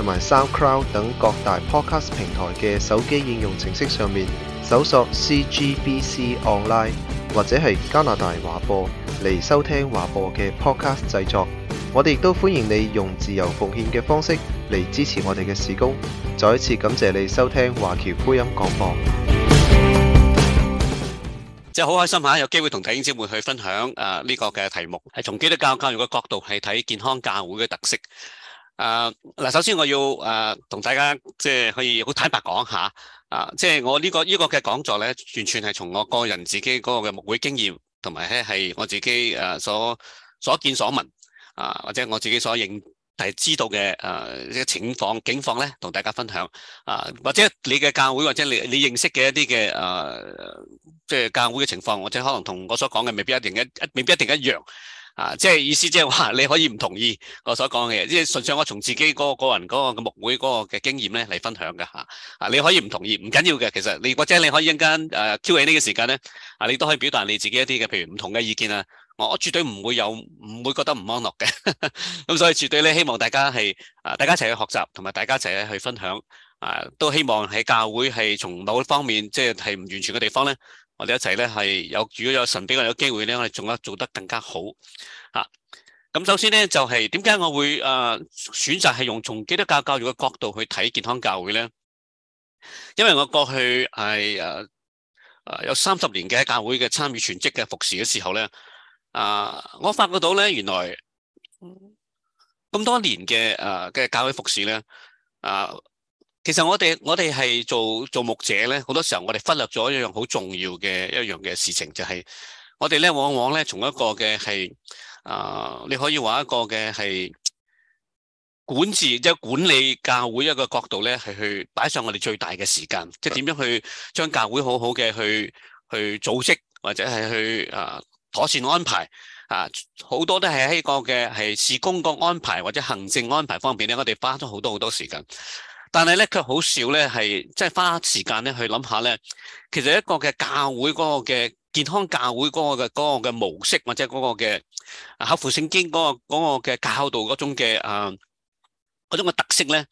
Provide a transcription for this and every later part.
同埋 SoundCloud 等各大 Podcast 平台嘅手機應用程式上面搜索 CGBC Online 或者係加拿大華播嚟收聽華播嘅 Podcast 製作，我哋亦都歡迎你用自由奉獻嘅方式嚟支持我哋嘅事工。再一次感謝你收聽華僑福音廣播。即係好開心吓，有機會同弟兄姊妹去分享誒呢個嘅題目，係從基督教教育嘅角度係睇健康教會嘅特色。誒嗱，uh, 首先我要誒同、uh, 大家即係可以好坦白講下，啊、uh, 這個，即係我呢個呢個嘅講座咧，完全係從我個人自己嗰個嘅牧會經驗，同埋咧係我自己誒所所見所聞，啊、uh,，或者我自己所認係知道嘅誒一情況景況咧，同大家分享，啊、uh,，或者你嘅教會，或者你你認識嘅一啲嘅誒，uh, 即係教會嘅情況，或者可能同我所講嘅未必一定一，未必一定一樣。啊，即係意思即係話，你可以唔同意我所講嘅嘢，即係純粹我從自己嗰個個人嗰個嘅牧會嗰個嘅經驗咧嚟分享㗎吓。啊，你可以唔同意，唔緊要嘅，其實你或者你可以一陣 Q&A 喺呢個時間咧，啊，你都可以表達你自己一啲嘅，譬如唔同嘅意見啊。我絕對唔會有，唔會覺得唔安樂嘅。咁所以絕對咧，希望大家係啊，大家一齊去學習，同埋大家一齊咧去分享。啊，都希望喺教會係從某一方面，即係係唔完全嘅地方咧。我哋一齊咧係有，如果有神俾我有機會咧，我哋仲可做得更加好嚇。咁、啊、首先咧就係點解我會誒、啊、選擇係用從基督教教育嘅角度去睇健康教會咧？因為我過去係誒誒有三十年嘅教會嘅參與、全職嘅服侍嘅時候咧，啊，我發覺到咧原來咁多年嘅誒嘅教會服侍咧，啊。其實我哋我哋係做做牧者咧，好多時候我哋忽略咗一,一樣好重要嘅一樣嘅事情，就係、是、我哋咧往往咧從一個嘅係啊，你可以話一個嘅係管治即係、就是、管理教會一個角度咧，係去擺上我哋最大嘅時間，即係點樣去將教會好好嘅去去組織或者係去啊、呃、妥善安排啊，好多都係喺個嘅係事工個安排或者行政安排方面咧，我哋花咗好多好多、多時間。但係咧，佢好少咧，係即係花時間咧去諗下咧。其實一個嘅教會嗰個嘅健康教會嗰個嘅嗰個嘅模式，或者嗰個嘅合乎聖經嗰個嗰個嘅教導嗰種嘅啊嗰種嘅特色咧，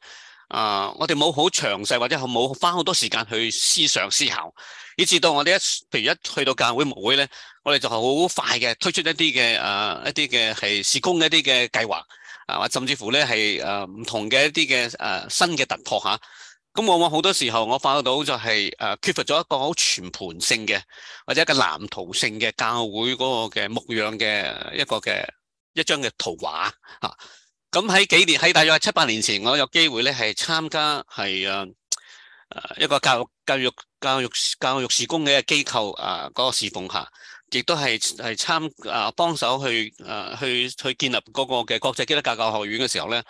啊，我哋冇好詳細，或者冇花好多時間去思想思考，以至到我哋一譬如一去到教會牧會咧，我哋就係好快嘅推出一啲嘅啊一啲嘅係事工、一啲嘅計劃。啊！甚至乎咧，係誒唔同嘅一啲嘅誒新嘅突破嚇。咁、啊、往往好多時候，我發覺到就係、是、誒、啊、缺乏咗一個好全盤性嘅，或者一個藍圖性嘅教會嗰個嘅牧養嘅一個嘅一張嘅圖畫嚇。咁、啊、喺幾年，喺大約七八年前，我有機會咧係參加係誒誒一個教育教育教育教育事工嘅一個機構啊嗰、那個侍奉嚇。亦都係係參啊幫手去啊去去建立嗰個嘅國際基督教教學院嘅時候咧，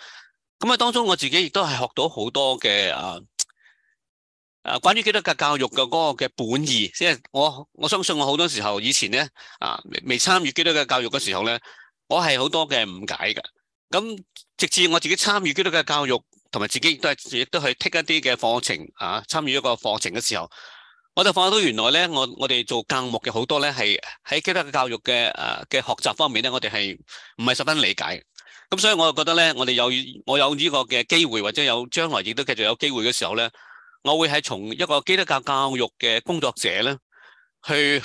咁啊當中我自己亦都係學到好多嘅啊啊關於基督教教育嘅嗰個嘅本意，即係我我相信我好多時候以前咧啊未參與基督教教育嘅時候咧，我係好多嘅誤解嘅。咁直至我自己參與基督教教育，同埋自己亦都係亦都去 take 一啲嘅課程啊，參與一個課程嘅時候。我就發覺到，原來咧，我我哋做教牧嘅好多咧，係喺基督教教育嘅誒嘅學習方面咧，我哋係唔係十分理解。咁所以我就覺得咧，我哋有我有呢個嘅機會，或者有將來亦都繼續有機會嘅時候咧，我會喺從一個基督教教育嘅工作者咧，去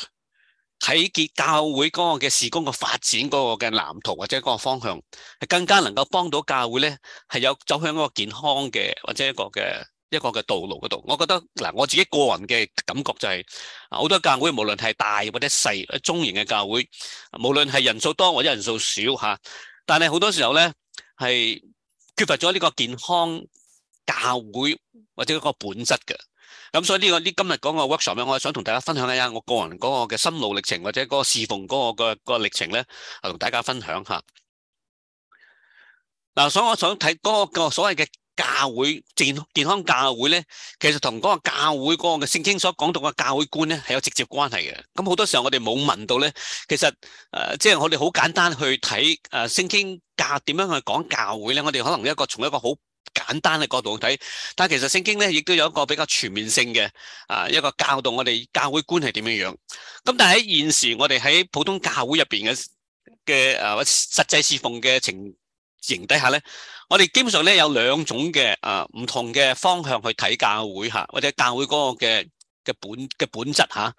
睇結教會嗰個嘅事工嘅發展嗰個嘅藍圖或者嗰個方向，係更加能夠幫到教會咧，係有走向一個健康嘅或者一個嘅。一個嘅道路嗰度，我覺得嗱，我自己個人嘅感覺就係、啊、好多教會，無論係大或者細、中型嘅教會，無論係人數多或者人數少嚇，但係好多時候咧係缺乏咗呢個健康教會或者個本質嘅。咁所以呢、這個呢今日講個 workshop 咧，我想同大家分享一下我個人講我嘅心路歷程，或者嗰個侍奉嗰個個個歷程咧，同大家分享下。嗱，所以我想睇嗰個所謂嘅。教會健健康教會咧，其實同嗰個教會嗰、嗰個聖經所講到嘅教會觀咧，係有直接關係嘅。咁好多時候我哋冇問到咧，其實誒，即、呃、係、就是、我哋好簡單去睇誒、呃，聖經教點樣去講教會咧？我哋可能一個從一個好簡單嘅角度去睇，但係其實聖經咧，亦都有一個比較全面性嘅啊、呃、一個教導我哋教會觀係點樣樣。咁但係喺現時我哋喺普通教會入邊嘅嘅誒實際侍奉嘅情形底下咧。我哋基本上咧有兩種嘅誒唔同嘅方向去睇教會吓，啊，或者教會嗰個嘅嘅本嘅本質吓。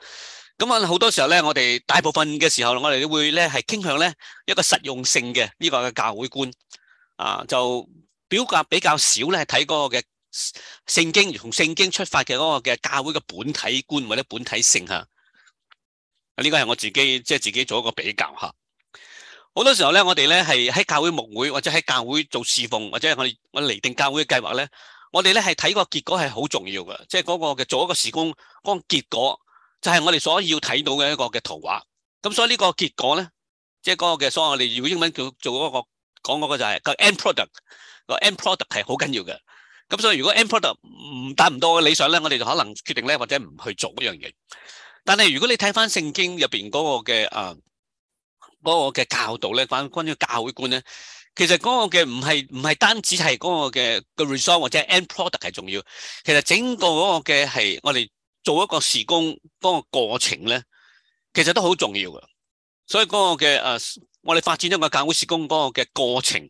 咁啊好多時候咧，我哋大部分嘅時候，我哋都會咧係傾向咧一個實用性嘅呢、這個嘅教會觀啊，就表格比較少咧係睇嗰個嘅聖經，同聖經出發嘅嗰個嘅教會嘅本體觀或者本體性吓。呢、啊這個係我自己即係、就是、自己做一個比較吓。啊好多時候咧，我哋咧係喺教會牧會，或者喺教會做侍奉，或者我哋我哋嚟定教會嘅計劃咧，我哋咧係睇個結果係好重要嘅，即係嗰個嘅做一個事工嗰個結果，就係我哋所要睇到嘅一個嘅圖畫。咁所以呢個結果咧，即係嗰個嘅，所謂我哋如果英文叫做嗰個講嗰個就係個 end product，個 end product 係好緊要嘅。咁所以如果 end product 唔達唔到我嘅理想咧，我哋就可能決定咧或者唔去做嗰樣嘢。但係如果你睇翻聖經入邊嗰個嘅啊。嗰個嘅教導咧，反關於教會觀咧，其實嗰個嘅唔係唔係單止係嗰個嘅嘅 result 或者 end product 係重要，其實整個嗰個嘅係我哋做一個事工嗰個過程咧，其實都好重要㗎。所以嗰個嘅誒，uh, 我哋發展一個教會事工嗰個嘅過程，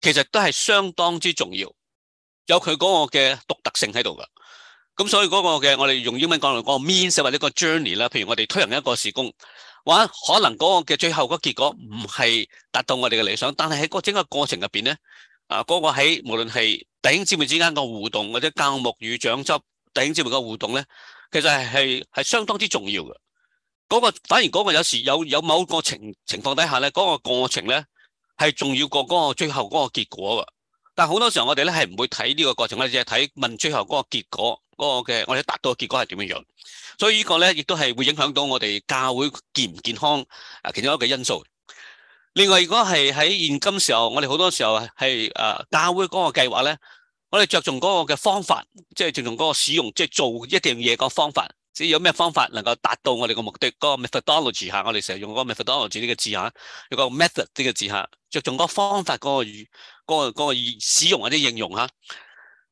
其實都係相當之重要，有佢嗰個嘅獨特性喺度㗎。咁所以嗰個嘅我哋用英文講嚟講 means 或者個 journey 啦，譬如我哋推行一個事工。可能嗰個嘅最後個結果唔係達到我哋嘅理想，但係喺個整個過程入邊咧，啊嗰個喺無論係弟兄姊妹之間個互動，或者教牧與長執弟兄姊妹個互動咧，其實係係相當之重要嘅。嗰個反而嗰個有時有有某個情情況底下咧，嗰個過程咧係重要過嗰個最後嗰個結果嘅。但係好多時候我哋咧係唔會睇呢個過程，我哋淨係睇問最後嗰個結果。嗰個嘅我哋達到嘅結果係點樣樣？所以呢個咧，亦都係會影響到我哋教會健唔健康啊，其中一個因素。另外如果係喺現今時候，我哋好多時候係誒、啊、教會嗰個計劃咧，我哋着重嗰個嘅方法，即、就、係、是、着重嗰個使用，即、就、係、是、做一定嘢、就是那個個，個，啊、個，個，個方法，即係有咩方法能夠達到我哋個目的？嗰、那個 methodology 嚇，我哋成日用嗰個 methodology 呢個字嚇，用個 method 呢個字嚇，着重嗰個方法嗰個語使用或者、那個、應用嚇、啊。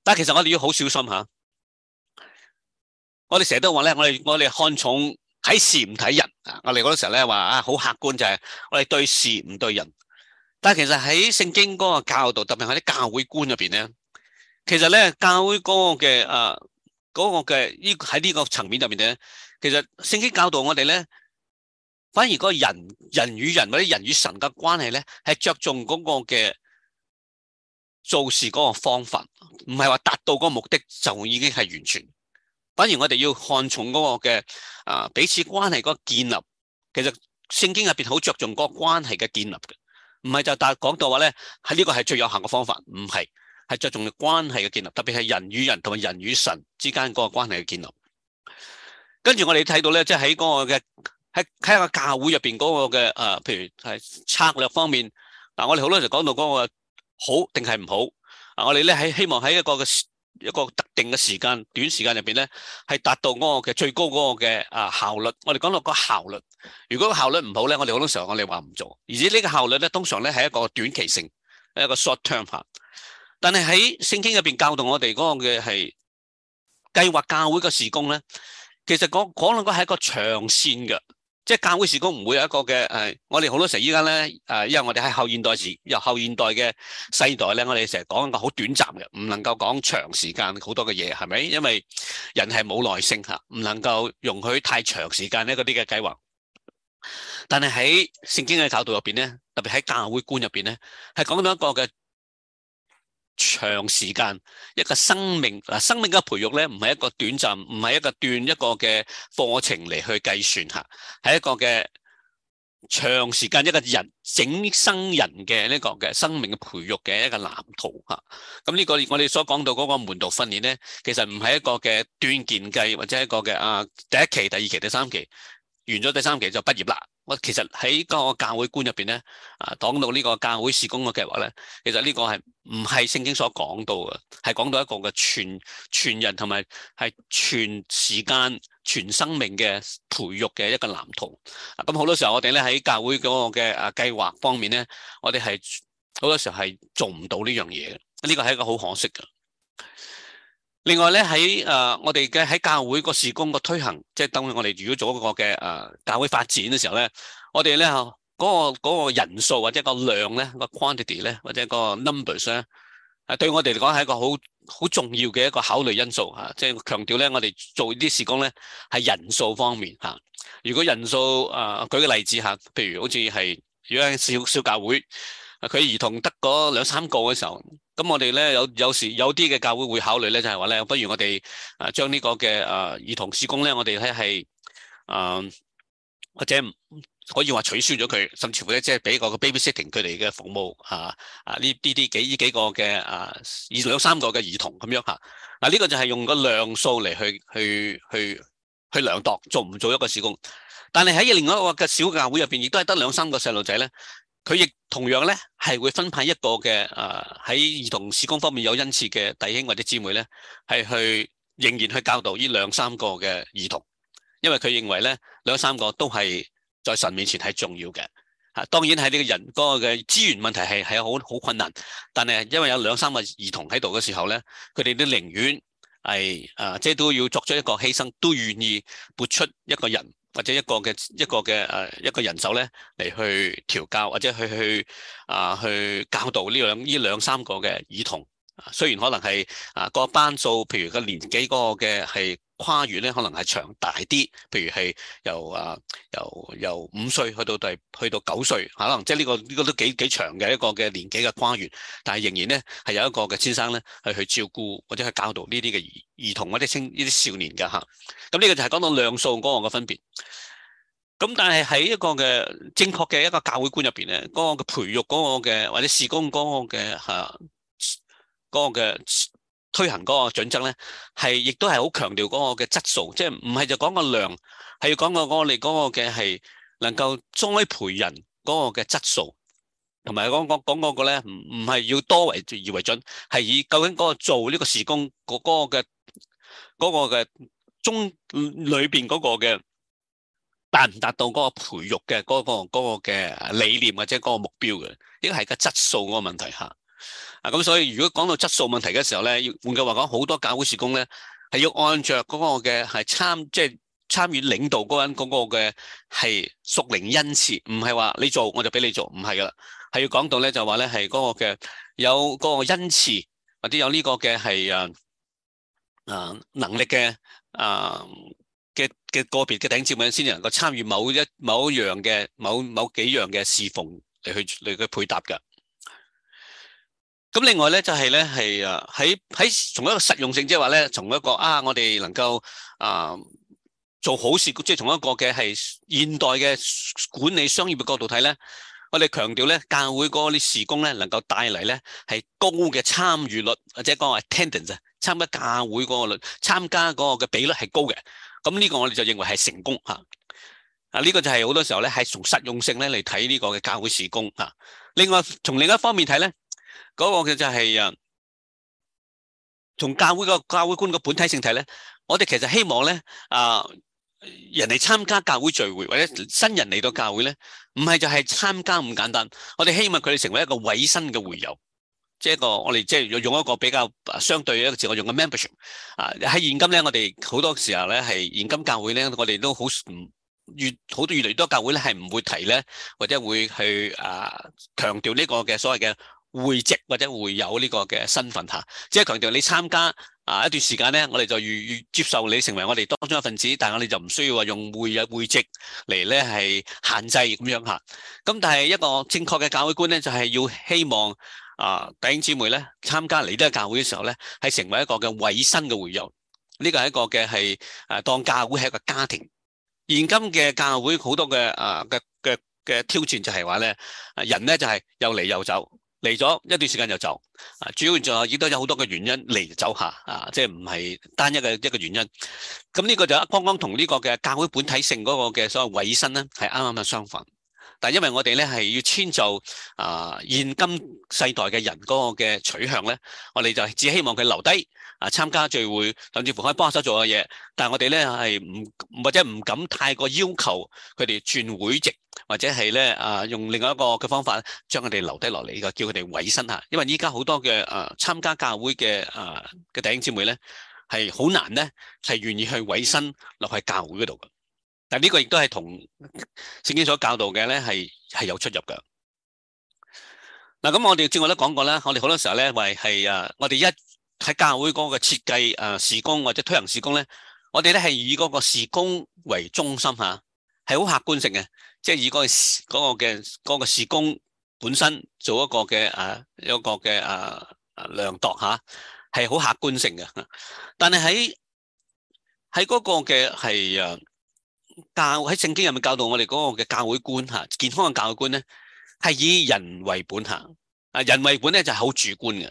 但係其實我哋要好小心嚇。啊。我哋成日都話咧，我哋我哋看重睇事唔睇人啊！我哋嗰啲時候咧話啊，好客觀就係我哋對事唔對人。但係其實喺聖經嗰個教導，特別喺啲教會觀入邊咧，其實咧教會嗰個嘅誒嗰個嘅呢喺呢個層面入邊咧，其實聖經教導我哋咧，反而個人人與人或者人與神嘅關係咧，係着重嗰個嘅做事嗰個方法，唔係話達到嗰個目的就已經係完全。反而我哋要看重嗰個嘅，啊彼此關係個建立，其實聖經入邊好着重嗰個關係嘅建立嘅，唔係就但係講到話咧，喺、這、呢個係最有效嘅方法，唔係係着重嘅關係嘅建立，特別係人與人同埋人與神之間嗰個關係嘅建立。跟住我哋睇到咧，即係喺嗰個嘅喺喺個教會入邊嗰個嘅啊，譬如係策略方面，嗱、啊、我哋好多次講到嗰個好定係唔好，啊、我哋咧喺希望喺一個嘅。一個特定嘅時間，短時間入邊咧係達到嗰個嘅最高嗰個嘅啊效率。我哋講到個效率，如果個效率唔好咧，我哋好多時候我哋話唔做。而且呢個效率咧，通常咧係一個短期性，一個 short term 下。但係喺聖經入邊教導我哋嗰個嘅係計劃教會嘅事工咧，其實講講到個係一個長線嘅。即係教會事工唔會有一個嘅誒，我哋好多時候依家咧誒，因為我哋喺後現代時，由後現代嘅世代咧，我哋成日講一個好短暫嘅，唔能夠講長時間好多嘅嘢，係咪？因為人係冇耐性吓，唔能夠容許太長時間咧嗰啲嘅計劃。但係喺聖經嘅教導入邊咧，特別喺教會觀入邊咧，係講到一個嘅。長時間一個生命嗱，生命嘅培育咧，唔係一個短暫，唔係一個段一個嘅課程嚟去計算吓，係一個嘅長時間一個人整生人嘅呢個嘅生命嘅培育嘅一個藍圖吓。咁呢個我哋所講到嗰個門徒訓練咧，其實唔係一個嘅斷件計或者一個嘅啊第一期、第二期、第三期完咗第三期就畢業啦。我其實喺個教會觀入邊咧，啊，講到呢個教會事工嘅計劃咧，其實呢個係唔係聖經所講到嘅，係講到一個嘅全全人同埋係全時間全生命嘅培育嘅一個藍圖。咁好多時候我哋咧喺教會嗰個嘅啊計劃方面咧，我哋係好多時候係做唔到呢樣嘢，呢個係一個好可惜嘅。另外咧喺誒我哋嘅喺教會個事工個推行，即係等於我哋如果做一個嘅誒教會發展嘅時候咧，我哋咧嗰個，嗰個人數或者個量咧，個 quantity 咧或者個 numbers 咧，係對我哋嚟講係一個好好重要嘅一個考慮因素嚇。即係強調，咧，我哋做啲事工咧係人數方面嚇。如果人數誒舉個例子吓，譬如好似係如果係少少教會，佢兒童得嗰兩三個嘅時候。咁我哋咧有有時有啲嘅教會會，會考慮咧，就係話咧，不如我哋啊將呢個嘅啊、呃、兒童事工咧，我哋咧係啊或者可以話取消咗佢，甚至乎咧即係俾個 baby sitting 佢哋嘅服務啊啊呢啲啲幾依幾個嘅啊二兩三個嘅兒童咁樣嚇嗱呢個就係用個量數嚟去去去去，去量度做唔做，做一個事工，但係喺另外一個嘅小教會入邊，亦都係得兩三個細路仔咧。佢亦同樣咧，係會分派一個嘅誒喺兒童事工方面有恩賜嘅弟兄或者姊妹咧，係去仍然去教導呢兩三個嘅兒童，因為佢認為咧兩三個都係在神面前係重要嘅嚇、啊。當然喺呢個人嗰、那個嘅資源問題係係好好困難，但係因為有兩三個兒童喺度嘅時候咧，佢哋都寧願係誒即係都要作出一個犧牲，都願意撥出一個人。或者一個嘅一個嘅誒、呃、一個人手咧嚟去調教，或者去去啊、呃、去教導呢兩呢兩三個嘅兒童啊，雖然可能係啊個班數，譬如個年紀嗰個嘅係。跨越咧可能係長大啲，譬如係由啊、呃、由由五歲去到第去到九歲，可能即係呢個呢、這個都幾幾長嘅一個嘅年紀嘅跨越，但係仍然咧係有一個嘅先生咧係去照顧或者去教導呢啲嘅兒兒童或者青呢啲少年嘅嚇。咁、啊、呢、這個就係講到量數嗰個嘅分別。咁但係喺一個嘅正確嘅一個教會觀入邊咧，嗰、那個嘅培育嗰個嘅或者事工嗰個嘅嚇嗰個嘅。啊那個推行嗰個準則咧，係亦都係好強調嗰個嘅質素，即係唔係就講個量，係要講個我哋嗰個嘅係能夠栽培人嗰個嘅質素，同埋講講講嗰個咧，唔唔係要多為而為準，係以究竟嗰個做呢個事工嗰嗰個嘅嗰個嘅中裏邊嗰個嘅達唔達到嗰個培育嘅嗰個嗰個嘅理念或者嗰個目標嘅，呢個係個質素嗰個問題嚇。咁所以，如果講到質素問題嘅時候咧，換句話講，好多教會事工咧係要按著嗰個嘅係參，即係參與領導嗰個人嗰個嘅係屬靈恩賜，唔係話你做我就俾你做，唔係噶啦，係要講到咧就話咧係嗰個嘅有嗰個恩賜或者有呢個嘅係啊啊能力嘅啊嘅嘅個別嘅頂尖嗰陣先至能夠參與某一某樣嘅某某幾樣嘅侍奉嚟去嚟去配搭嘅。咁另外咧就係咧係誒喺喺從一個實用性，即係話咧從一個啊，我哋能夠啊做好事，即係從一個嘅係現代嘅管理商業嘅角度睇咧，我哋強調咧教會嗰啲事工咧能夠帶嚟咧係高嘅參與率，或者講話 attendance 啊，參加教會嗰個率，參加嗰個嘅比率係高嘅。咁呢個我哋就認為係成功嚇。啊呢個就係好多時候咧係從實用性咧嚟睇呢個嘅教會事工嚇。另外從另一方面睇咧。嗰個嘅就係、是、誒，從教會個教會觀個本體性睇咧，我哋其實希望咧啊、呃，人哋參加教會聚會或者新人嚟到教會咧，唔係就係參加咁簡單。我哋希望佢哋成為一個委身嘅會友，即係個我哋即係要用一個比較相對一個字，我用個 membership 啊、呃。喺現今咧，我哋好多時候咧係現今教會咧，我哋都好唔越好多越嚟越多教會咧係唔會提咧，或者會去啊強調呢個嘅所謂嘅會籍或者會友呢個嘅身份吓，即係強調你參加啊一段時間咧，我哋就越越接受你成為我哋當中一份子，但係我哋就唔需要話用會入會籍嚟咧係限制咁樣吓。咁但係一個正確嘅教會觀咧，就係要希望啊弟兄姊妹咧參加嚟都係教會嘅時候咧，係成為一個嘅委身嘅會友。呢個係一個嘅係啊，當教會係一個家庭。現今嘅教會好多嘅啊嘅嘅嘅挑戰就係話咧，人咧就係又嚟又走，嚟咗一段時間就走，啊，主要就係亦都有好多嘅原因嚟走下，啊，即係唔係單一嘅一個原因。咁呢個就剛剛同呢個嘅教會本體性嗰個嘅所謂委身咧，係啱啱嘅相反。但係因為我哋咧係要遷就啊現今世代嘅人嗰個嘅取向咧，我哋就只希望佢留低啊參加聚會，甚至乎可以幫手做嘅嘢。但係我哋咧係唔或者唔敢太過要求佢哋轉會籍。或者係咧啊，用另外一個嘅方法將佢哋留低落嚟，個叫佢哋委身嚇。因為依家好多嘅啊參加教會嘅啊嘅弟兄姊妹咧，係好難咧係願意去委身落喺教會嗰度嘅。但係呢個亦都係同聖經所教導嘅咧係係有出入嘅。嗱、啊，咁我哋之前我都講過啦，我哋好多時候咧為係啊，我哋一喺教會嗰個設計啊事工或者推行事工咧，我哋咧係以嗰個事工為中心嚇，係、啊、好客觀性嘅。即係以嗰個嗰個嗰嘅嗰個事工本身做一個嘅啊，一個嘅啊量度嚇，係好客觀性嘅。但係喺喺嗰個嘅係啊教喺聖經入面教導我哋嗰個嘅教會觀嚇、啊、健康嘅教會觀咧係以人為本嚇啊，人為本咧就係好主觀嘅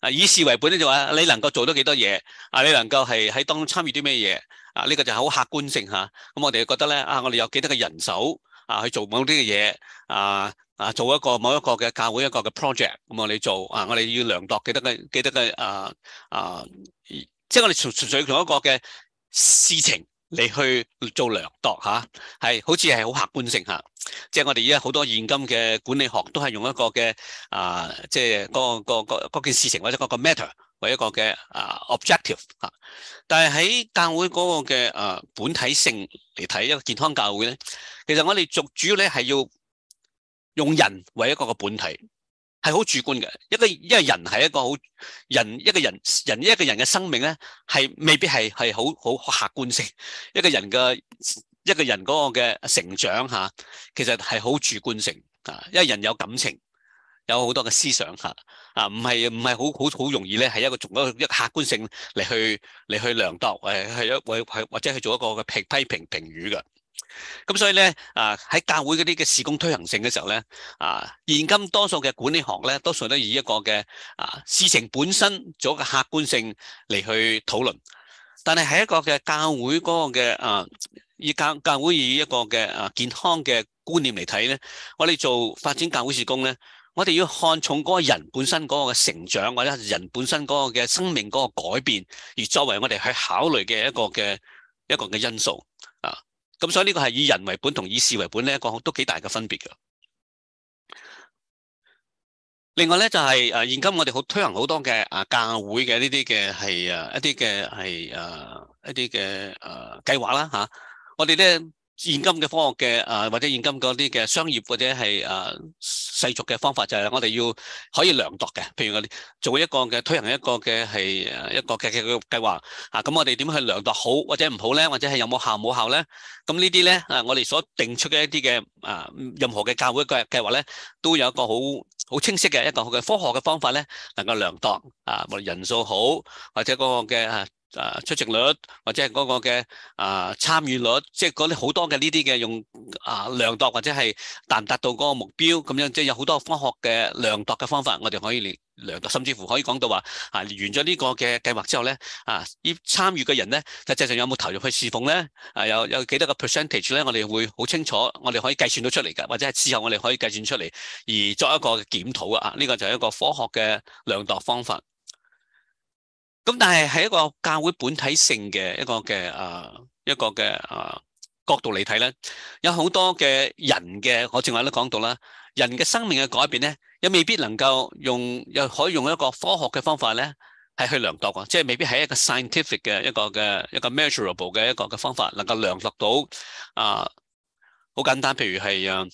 啊，以事為本咧就話你能夠做到幾多嘢啊，你能夠係喺當中參與啲咩嘢啊？呢個就係好客觀性嚇。咁、啊、我哋覺得咧啊，我哋有幾多嘅人手。啊，去做某啲嘅嘢，啊啊，做一個某一個嘅教會一個嘅 project，咁、嗯、我哋做，啊，我哋要量度，記得嘅，記得嘅，啊啊，即係我哋純純粹同一個嘅事情嚟去做量度嚇，係、啊、好似係好客觀性嚇、啊，即係我哋而家好多現今嘅管理學都係用一個嘅，啊，即係嗰個件事情或者嗰個 matter。為一個嘅啊 objective 嚇，但係喺教會嗰個嘅啊本體性嚟睇一個健康教會咧，其實我哋逐主要咧係要用人為一個嘅本體，係好主觀嘅。一個因為人係一個好人，一個人人一個人嘅生命咧係未必係係好好客觀性。一個人嘅一個人嗰個嘅成長嚇，其實係好主觀性啊，因為人有感情。有好多嘅思想嚇，啊唔係唔係好好好容易咧，係一個做一個一客觀性嚟去嚟去量度，誒係一或或或者去做一個嘅評批評評語嘅。咁所以咧，啊喺教會嗰啲嘅事工推行性嘅時候咧，啊現今多數嘅管理學咧，多數都以一個嘅啊事情本身做一個客觀性嚟去討論。但係喺一個嘅教會嗰個嘅啊，以教教會以一個嘅啊健康嘅觀念嚟睇咧，我哋做發展教會事工咧。我哋要看重嗰個人本身嗰個嘅成長，或者人本身嗰個嘅生命嗰個改變，而作為我哋去考慮嘅一個嘅一個嘅因素啊。咁所以呢個係以人為本同以事為本呢一個都幾大嘅分別嘅。另外咧就係、是、誒、啊，現今我哋好推行好多嘅啊，教會嘅呢啲嘅係誒一啲嘅係誒一啲嘅誒計劃啦嚇。我哋咧。現今嘅科學嘅啊，或者現今嗰啲嘅商業或者係啊世俗嘅方法，就係我哋要可以量度嘅。譬如我哋做一個嘅推行一個嘅係一個嘅嘅計劃啊，咁我哋點去量度好或者唔好咧，或者係有冇效冇效咧？咁呢啲咧啊，我哋所定出嘅一啲嘅啊任何嘅教會嘅計劃咧，都有一個好好清晰嘅一個嘅科學嘅方法咧，能夠量度啊，或人數好或者嗰個嘅啊。誒出席率或者係嗰個嘅誒參與率，即係嗰啲好多嘅呢啲嘅用啊量度或者係達唔達到嗰個目標咁樣，即係有好多科學嘅量度嘅方法，我哋可以量度，甚至乎可以講到話啊完咗呢個嘅計劃之後咧，啊，呢參與嘅人咧實際上有冇投入去侍奉咧？啊，有有幾多個 percentage 咧？我哋會好清楚，我哋可以計算到出嚟㗎，或者係事後我哋可以計算出嚟而作一個檢討啊。呢個就係一個科學嘅量度方法。咁但係喺一個教會本體性嘅一個嘅啊一個嘅啊，個啊角度嚟睇咧，有好多嘅人嘅，我正話都講到啦，人嘅生命嘅改變咧，又未必能夠用又可以用一個科學嘅方法咧，係去量度啊，即係未必喺一個 scientific 嘅一個嘅一個 measurable 嘅一個嘅方法能夠量度到啊。好簡單，譬如係啊。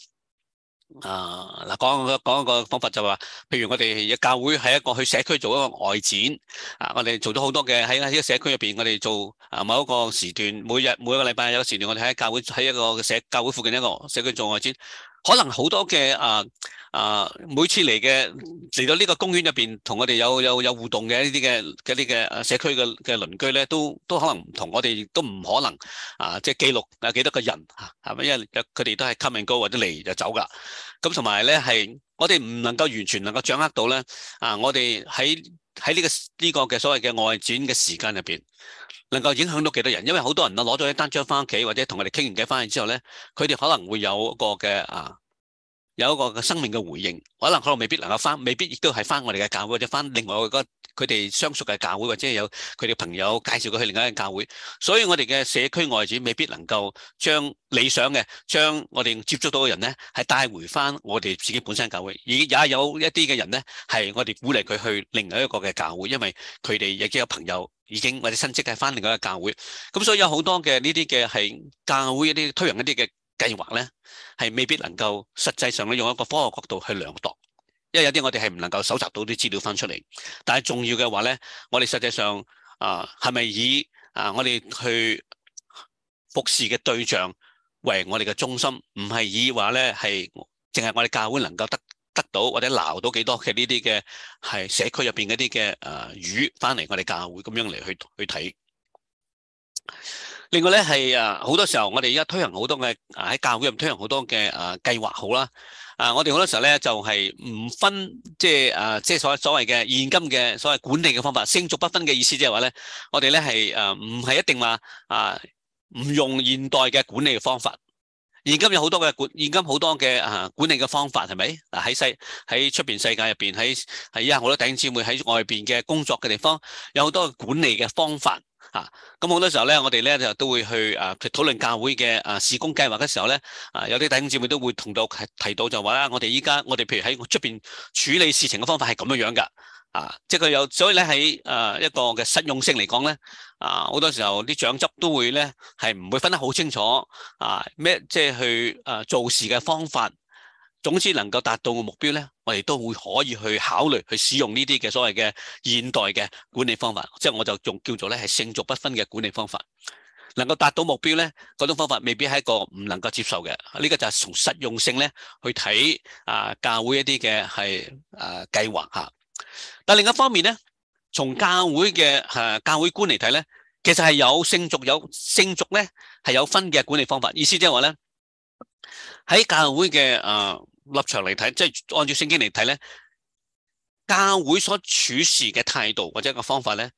啊嗱，講講、uh, 一,一個方法就話、是，譬如我哋教會係一個去社區做一個外展啊，uh, 我哋做咗好多嘅喺啲社區入邊，我哋做啊某一個時段，每日每一個禮拜有個時段，我哋喺教會喺一個社教會附近一個社區做外展，可能好多嘅啊。Uh, 啊！每次嚟嘅嚟到呢個公園入邊，同我哋有有有互動嘅呢啲嘅嗰啲嘅社區嘅嘅鄰居咧，都都可能唔同我哋，亦都唔可能啊！即係記錄有幾多個人嚇，係咪？因為佢哋都係 come and go 或者嚟就走噶，咁同埋咧係我哋唔能夠完全能夠掌握到咧啊！我哋喺喺呢個呢個嘅所謂嘅外展嘅時間入邊，能夠影響到幾多人？因為好多人啊攞咗一單張翻屋企，或者同佢哋傾完偈翻去之後咧，佢哋可能會有個嘅啊。啊有一個生命嘅回應，可能佢又未必能夠翻，未必亦都係翻我哋嘅教會，或者翻另外一個佢哋相熟嘅教會，或者有佢哋朋友介紹佢去另外一個教會。所以我哋嘅社區外展未必能夠將理想嘅，將我哋接觸到嘅人呢係帶回翻我哋自己本身教會。而也有一啲嘅人呢係我哋鼓勵佢去另外一個嘅教會，因為佢哋已經有朋友已經或者親戚喺翻另外一個教會。咁所以有好多嘅呢啲嘅係教會一啲推揚一啲嘅。計劃咧，係未必能夠實際上咧，用一個科學角度去量度，因為有啲我哋係唔能夠搜集到啲資料翻出嚟。但係重要嘅話咧，我哋實際上啊，係咪以啊我哋去服侍嘅對象為我哋嘅中心，唔係以話咧係淨係我哋教會能夠得得到或者撈到幾多嘅呢啲嘅係社區入邊嗰啲嘅誒魚翻嚟我哋教會咁樣嚟去去睇。另外咧，係啊，好多時候我哋而家推行好多嘅啊，喺教會入面推行好多嘅啊計劃好啦。啊，我哋好多時候咧就係唔分即係啊，即係所所謂嘅現今嘅所謂管理嘅方法，聖俗不分嘅意思即係話咧，我哋咧係啊，唔係一定話啊，唔用現代嘅管理嘅方法。現今有好多嘅管，現今好多嘅啊管理嘅方法係咪？嗱喺世喺出邊世界入邊，喺係啊好多弟兄姊妹喺外邊嘅工作嘅地方，有好多管理嘅方法。啊，咁好多時候咧，我哋咧就都會去啊，討論教會嘅啊事工計劃嘅時候咧，啊有啲弟兄姊妹都會同到提到就話啦，我哋依家我哋譬如喺出邊處理事情嘅方法係咁樣樣噶，啊，即係佢有，所以咧喺啊一個嘅實用性嚟講咧，啊好多時候啲長執都會咧係唔會分得好清楚，啊咩即係去啊做事嘅方法。總之能夠達到嘅目標咧，我哋都會可以去考慮去使用呢啲嘅所謂嘅現代嘅管理方法，即係我就仲叫做咧係聖俗不分嘅管理方法。能夠達到目標咧，嗰種方法未必係一個唔能夠接受嘅。呢、這個就係從實用性咧去睇啊，教會一啲嘅係誒計劃嚇。但另一方面咧，從教會嘅誒教會觀嚟睇咧，其實係有聖俗有聖俗咧係有分嘅管理方法。意思即係話咧。喺教會嘅誒立場嚟睇，即係按照聖經嚟睇咧，教會所處事嘅態度或者個方法咧，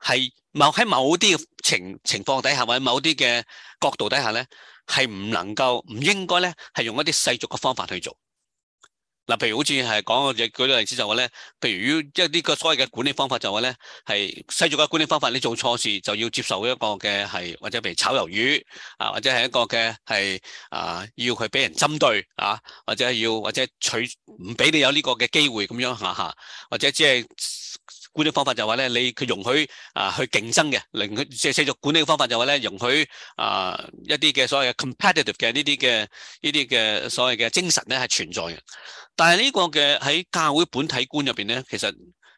係某喺某啲情情況底下，或者某啲嘅角度底下咧，係唔能夠、唔應該咧，係用一啲世俗嘅方法去做。嗱，譬如好似係講嘅嘢，舉個例子就話咧，譬如即係呢個所謂嘅管理方法就話、是、咧，係世俗嘅管理方法，你做錯事就要接受一個嘅係，或者譬如炒魷魚啊，或者係一個嘅係啊，要佢俾人針對啊，或者要或者取唔俾你有呢個嘅機會咁樣嚇嚇，或者即係。管理方法就話咧，你佢容許啊去競爭嘅，令佢即係繼續管理個方法就話咧，容許啊一啲嘅所謂嘅 competitive 嘅呢啲嘅呢啲嘅所謂嘅精神咧係存在嘅。但係呢個嘅喺教會本體觀入邊咧，其實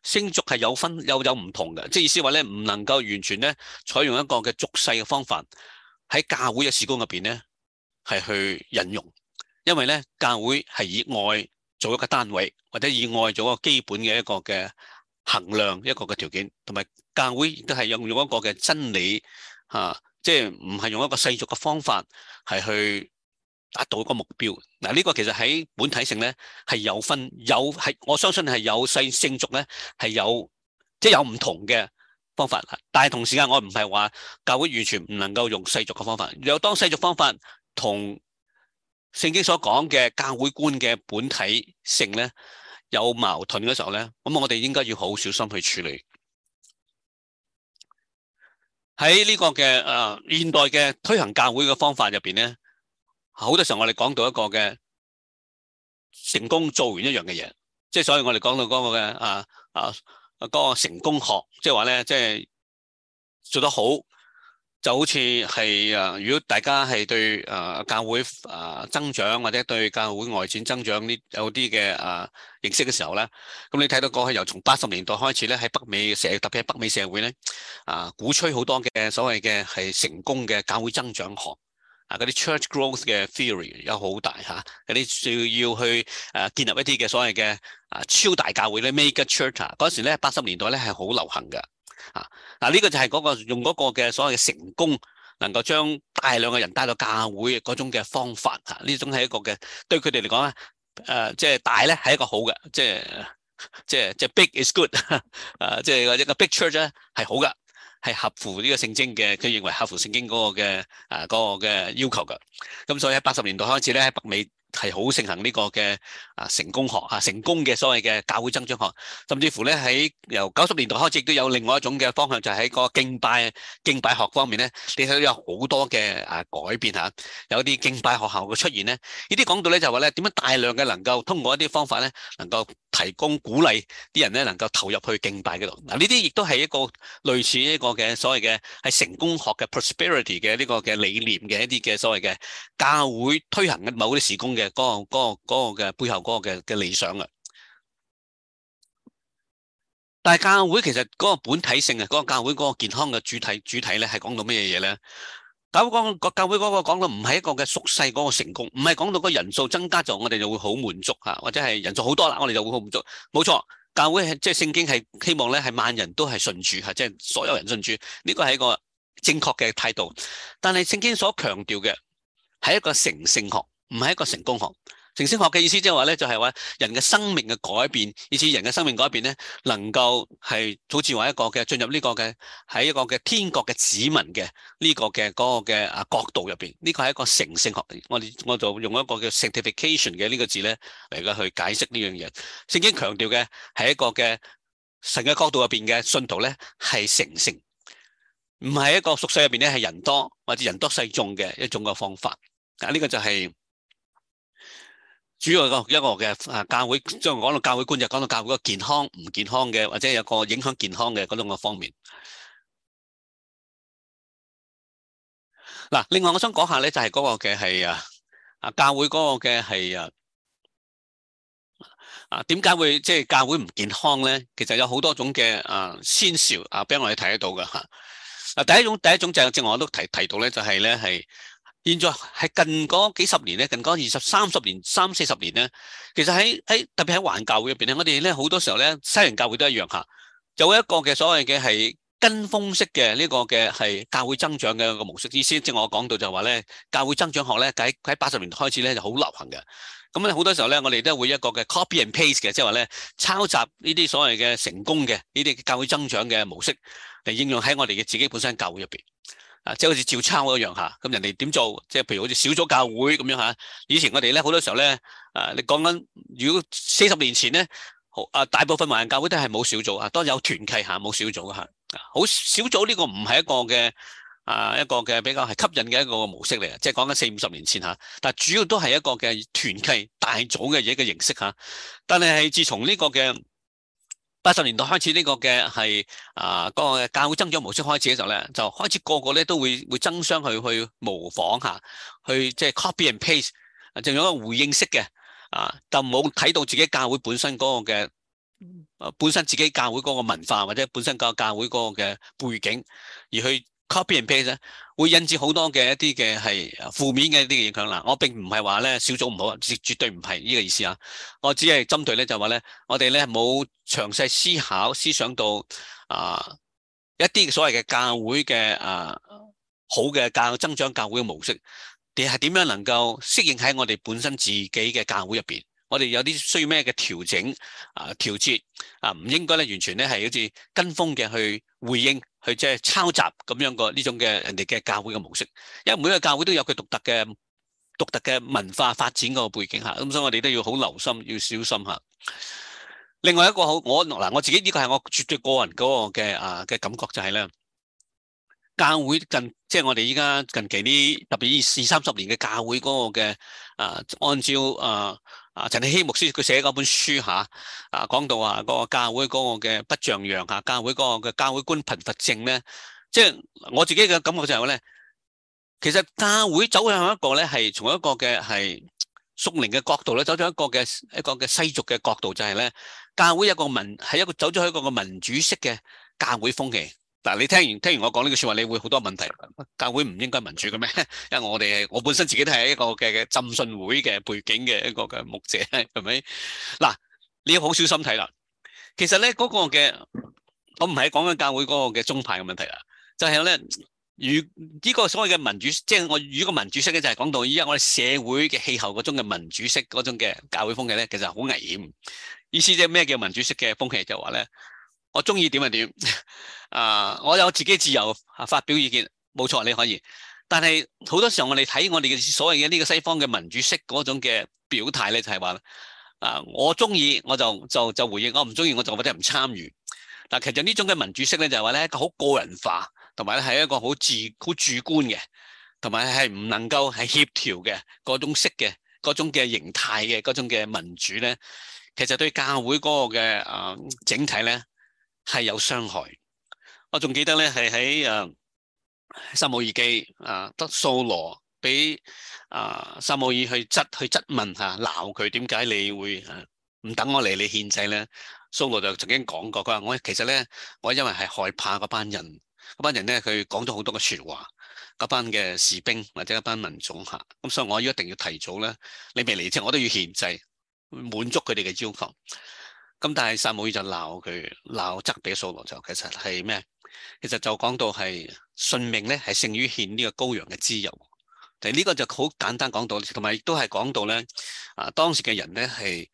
聖俗係有分又有唔同嘅，即係意思話咧唔能夠完全咧採用一個嘅俗世嘅方法喺教會嘅事工入邊咧係去引用，因為咧教會係以愛做一個單位，或者以愛做一個基本嘅一個嘅。衡量一個嘅條件，同埋教會都係用用一個嘅真理，吓、啊，即係唔係用一個世俗嘅方法係去達到一個目標。嗱、啊，呢、呢個其實喺本體性咧係有分有係，我相信係有世俗咧係有，即係有唔同嘅方法。但係同時間我唔係話教會完全唔能夠用世俗嘅方法。若當世俗方法同聖經所講嘅教會觀嘅本體性咧，有矛盾嘅時候咧，咁我哋應該要好小心去處理。喺呢個嘅誒現代嘅推行教會嘅方法入邊咧，好多時候我哋講到一個嘅成功做完一樣嘅嘢，即係所以我哋講到嗰個嘅啊啊、嗰個成功學，即係話咧，即係做得好。就好似係誒，如果大家係對誒教會誒增長或者對教會外展增長呢有啲嘅誒認識嘅時候咧，咁你睇到過去由從八十年代開始咧，喺北美社特別喺北美社會咧，啊鼓吹好多嘅所謂嘅係成功嘅教會增長學，啊嗰啲 Church Growth 嘅 Theory 有好大嚇，嗰啲就要去誒建立一啲嘅所謂嘅啊超大教會咧 （mega church） 嗰時咧，八十年代咧係好流行嘅。啊！嗱、這、呢個就係嗰、嗰個用嗰個嘅所謂嘅成功，能夠將大量嘅人帶到教會嗰種嘅方法啊！呢種係一個嘅對佢哋嚟講啊，誒即係大咧係一個好嘅，即係即係即係 big is good 啊！即係一個 big church 咧係好噶，係合乎呢個聖經嘅，佢認為合乎聖經嗰個嘅啊、嗰個嘅要求噶。咁所以喺八十年代開始咧喺北美。係好盛行呢個嘅啊成功學，啊成功嘅所謂嘅教會增長學，甚至乎呢，喺由九十年代開始亦都有另外一種嘅方向，就喺係個敬拜敬拜學方面呢，你睇到有好多嘅啊改變嚇，有啲敬拜學校嘅出現呢，呢啲講到呢，就話呢點樣大量嘅能夠通過一啲方法呢，能夠提供鼓勵啲人呢，能夠投入去敬拜嘅度。嗱呢啲亦都係一個類似一個嘅所謂嘅係成功學嘅 prosperity 嘅嗰個嗰個嗰個嘅背後嗰個嘅嘅理想啊！但係教會其實嗰個本體性啊，嗰個教會嗰個健康嘅主體主體咧，係講到咩嘢咧？教會講教教會嗰個講到唔係一個嘅俗世嗰個成功，唔係講到個人數增加咗我哋就會好滿足啊，或者係人數好多啦，我哋就會好滿足。冇錯，教會係即係聖經係希望咧係萬人都係信主啊，即係所有人信主，呢個係一個正確嘅態度。但係聖經所強調嘅係一個成聖學。唔係一個成功學，成聖學嘅意思即係話咧，就係話人嘅生命嘅改變，以致人嘅生命改變咧，能夠係好似話一個嘅進入呢個嘅喺一個嘅天國嘅子民嘅呢個嘅嗰個嘅啊角度入邊，呢個係一個成聖學。我哋我就用一個叫 sanctification 嘅呢個字咧嚟嘅去解釋呢樣嘢。聖經強調嘅係一個嘅神嘅角度入邊嘅信徒咧係成聖，唔係一個俗世入邊咧係人多或者人多勢眾嘅一種嘅方法。嗱呢個就係。主要個一個嘅啊教會，將講到教會觀就講到教會嘅健康唔健康嘅，或者有個影響健康嘅嗰種個方面。嗱，另外我想講下咧，就係嗰個嘅係啊啊教會嗰個嘅係啊啊點解會即係教會唔健康咧？其實有好多種嘅啊先兆啊，俾我哋睇得到噶吓。嗱，第一種第一種就即正我都提提到咧、就是，就係咧係。現在係近嗰幾十年咧，近嗰二十三十年、三四十年咧，其實喺喺特別喺環球教會入邊咧，我哋咧好多時候咧，西人教會都一樣吓，有一個嘅所謂嘅係跟風式嘅呢個嘅係教會增長嘅個模式。意思即係我講到就話咧，教會增長學咧，喺喺八十年代開始咧就好流行嘅。咁咧好多時候咧，我哋都會一個嘅 copy and paste 嘅，即係話咧抄襲呢啲所謂嘅成功嘅呢啲教會增長嘅模式嚟應用喺我哋嘅自己本身教會入邊。啊，即係好似照抄嗰一樣吓，咁、啊、人哋點做？即係譬如好似小組教會咁樣吓，以前我哋咧好多時候咧，誒、啊，你講緊如果四十年前咧，好啊，大部分華人教會都係冇小組啊，當然有團契吓，冇、啊、小組吓、啊，好小組呢個唔係一個嘅啊一個嘅比較係吸引嘅一個模式嚟嘅、啊，即係講緊四五十年前吓、啊，但係主要都係一個嘅團契大組嘅嘢嘅形式吓、啊，但係係自從呢個嘅。八十年代開始呢個嘅係啊嗰個教會增長模式開始嘅時候咧，就開始個個咧都會會爭相去去模仿吓，去即係 copy and paste，凈係一個回應式嘅啊，唔好睇到自己教會本身嗰、嗰個嘅啊，本身自己教會嗰個文化或者本身個教會嗰個嘅背景而去。Copy and paste 咧，會引致好多嘅一啲嘅係負面嘅一啲嘅影響嗱。我並唔係話咧小組唔好，絕絕對唔係呢個意思啊。我只係針對咧就話咧，我哋咧冇詳細思考、思想到啊一啲所謂嘅教會嘅啊好嘅教增長教會嘅模式，定係點樣能夠適應喺我哋本身自己嘅教會入邊？我哋有啲需要咩嘅調整啊、調節啊？唔應該咧完全咧係好似跟風嘅去回應。佢即係抄襲咁樣嘅呢種嘅人哋嘅教會嘅模式，因為每個教會都有佢獨特嘅獨特嘅文化發展嗰個背景下，咁所以我哋都要好留心，要小心吓。另外一個好，我嗱我自己呢、這個係我絕對個人嗰個嘅啊嘅感覺就係、是、咧，教會近即係我哋依家近期啲特別二三十年嘅教會嗰個嘅啊，按照啊。啊，陳啟熙牧師佢寫嗰本書吓，啊講到啊，嗰個教會嗰個嘅不像樣吓，教會嗰個嘅教會觀貧乏症咧，即係我自己嘅感覺就係咧，其實教會走向一個咧係從一個嘅係屬靈嘅角度咧，走向一個嘅一個嘅世俗嘅角度就係咧，教會一個民係一個走咗喺一個嘅民主式嘅教會風氣。嗱，你聽完聽完我講呢句說話，你會好多問題。教會唔應該民主嘅咩？因為我哋我本身自己都係一個嘅嘅浸信會嘅背景嘅一個嘅牧者，係咪？嗱，你要好小心睇啦。其實咧嗰個嘅，我唔係講緊教會嗰個嘅宗派嘅問題啦，就係咧，如呢個所謂嘅民主，即係我如果民主式咧，就係講到依家我哋社會嘅氣候嗰種嘅民主式嗰種嘅教會風氣咧，其實好危險。意思即係咩叫民主式嘅風氣？就話咧。我中意點就點，啊、uh，我有自己自由啊，發表意見冇錯，你可以。但係好多時候我哋睇我哋嘅所謂嘅呢個西方嘅民主式嗰種嘅表態咧，就係話啊，我中意我就就就回應，我唔中意我就或者唔參與。但其實呢種嘅民主式咧，就係話咧，一個好個人化，同埋咧係一個好自好主觀嘅，同埋係唔能夠係協調嘅嗰種式嘅嗰種嘅形態嘅嗰種嘅民主咧，其實對教會嗰個嘅啊整體咧，係有傷害，我仲記得咧，係喺誒，撒母耳記啊，得掃羅俾誒撒母耳去質去質問吓，鬧佢點解你會唔等我嚟，你獻祭咧，掃羅就曾經講過，佢話我其實咧，我因為係害怕嗰班人，嗰班人咧佢講咗好多嘅說話，嗰班嘅士兵或者一班民眾吓，咁所以我一定要提早咧，你未嚟之前，我都要獻祭滿足佢哋嘅要求。咁但係撒母耳就鬧佢鬧責備掃羅，就其實係咩？其實就講到係信命咧，係勝於獻呢個羔羊嘅脂油。就呢個就好簡單講到，同埋亦都係講到咧，啊當時嘅人咧係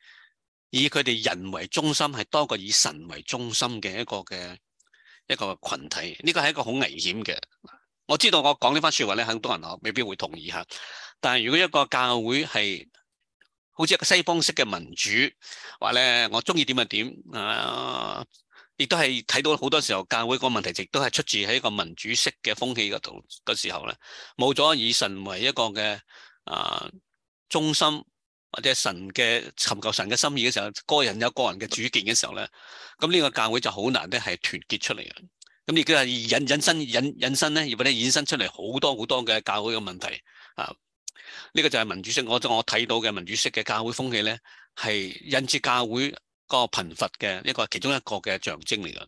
以佢哋人為中心，係多過以神為中心嘅一個嘅一個群體。呢個係一個好危險嘅。我知道我講呢番説話咧，很多人我未必會同意嚇。但係如果一個教會係，好似一個西方式嘅民主，話咧，我中意點就點啊！亦都係睇到好多時候教會個問題，亦都係出自喺一個民主式嘅風氣嗰度嗰時候咧，冇咗以神為一個嘅啊中心，或者神嘅尋求神嘅心意嘅時候，個人有個人嘅主見嘅時候咧，咁呢個教會就好難咧係團結出嚟嘅。咁亦都係引引申引引申咧，亦或者引申出嚟好多好多嘅教會嘅問題啊！呢個就係民主式，我我睇到嘅民主式嘅教會風氣咧，係引致教會個貧乏嘅一個其中一個嘅象徵嚟嘅。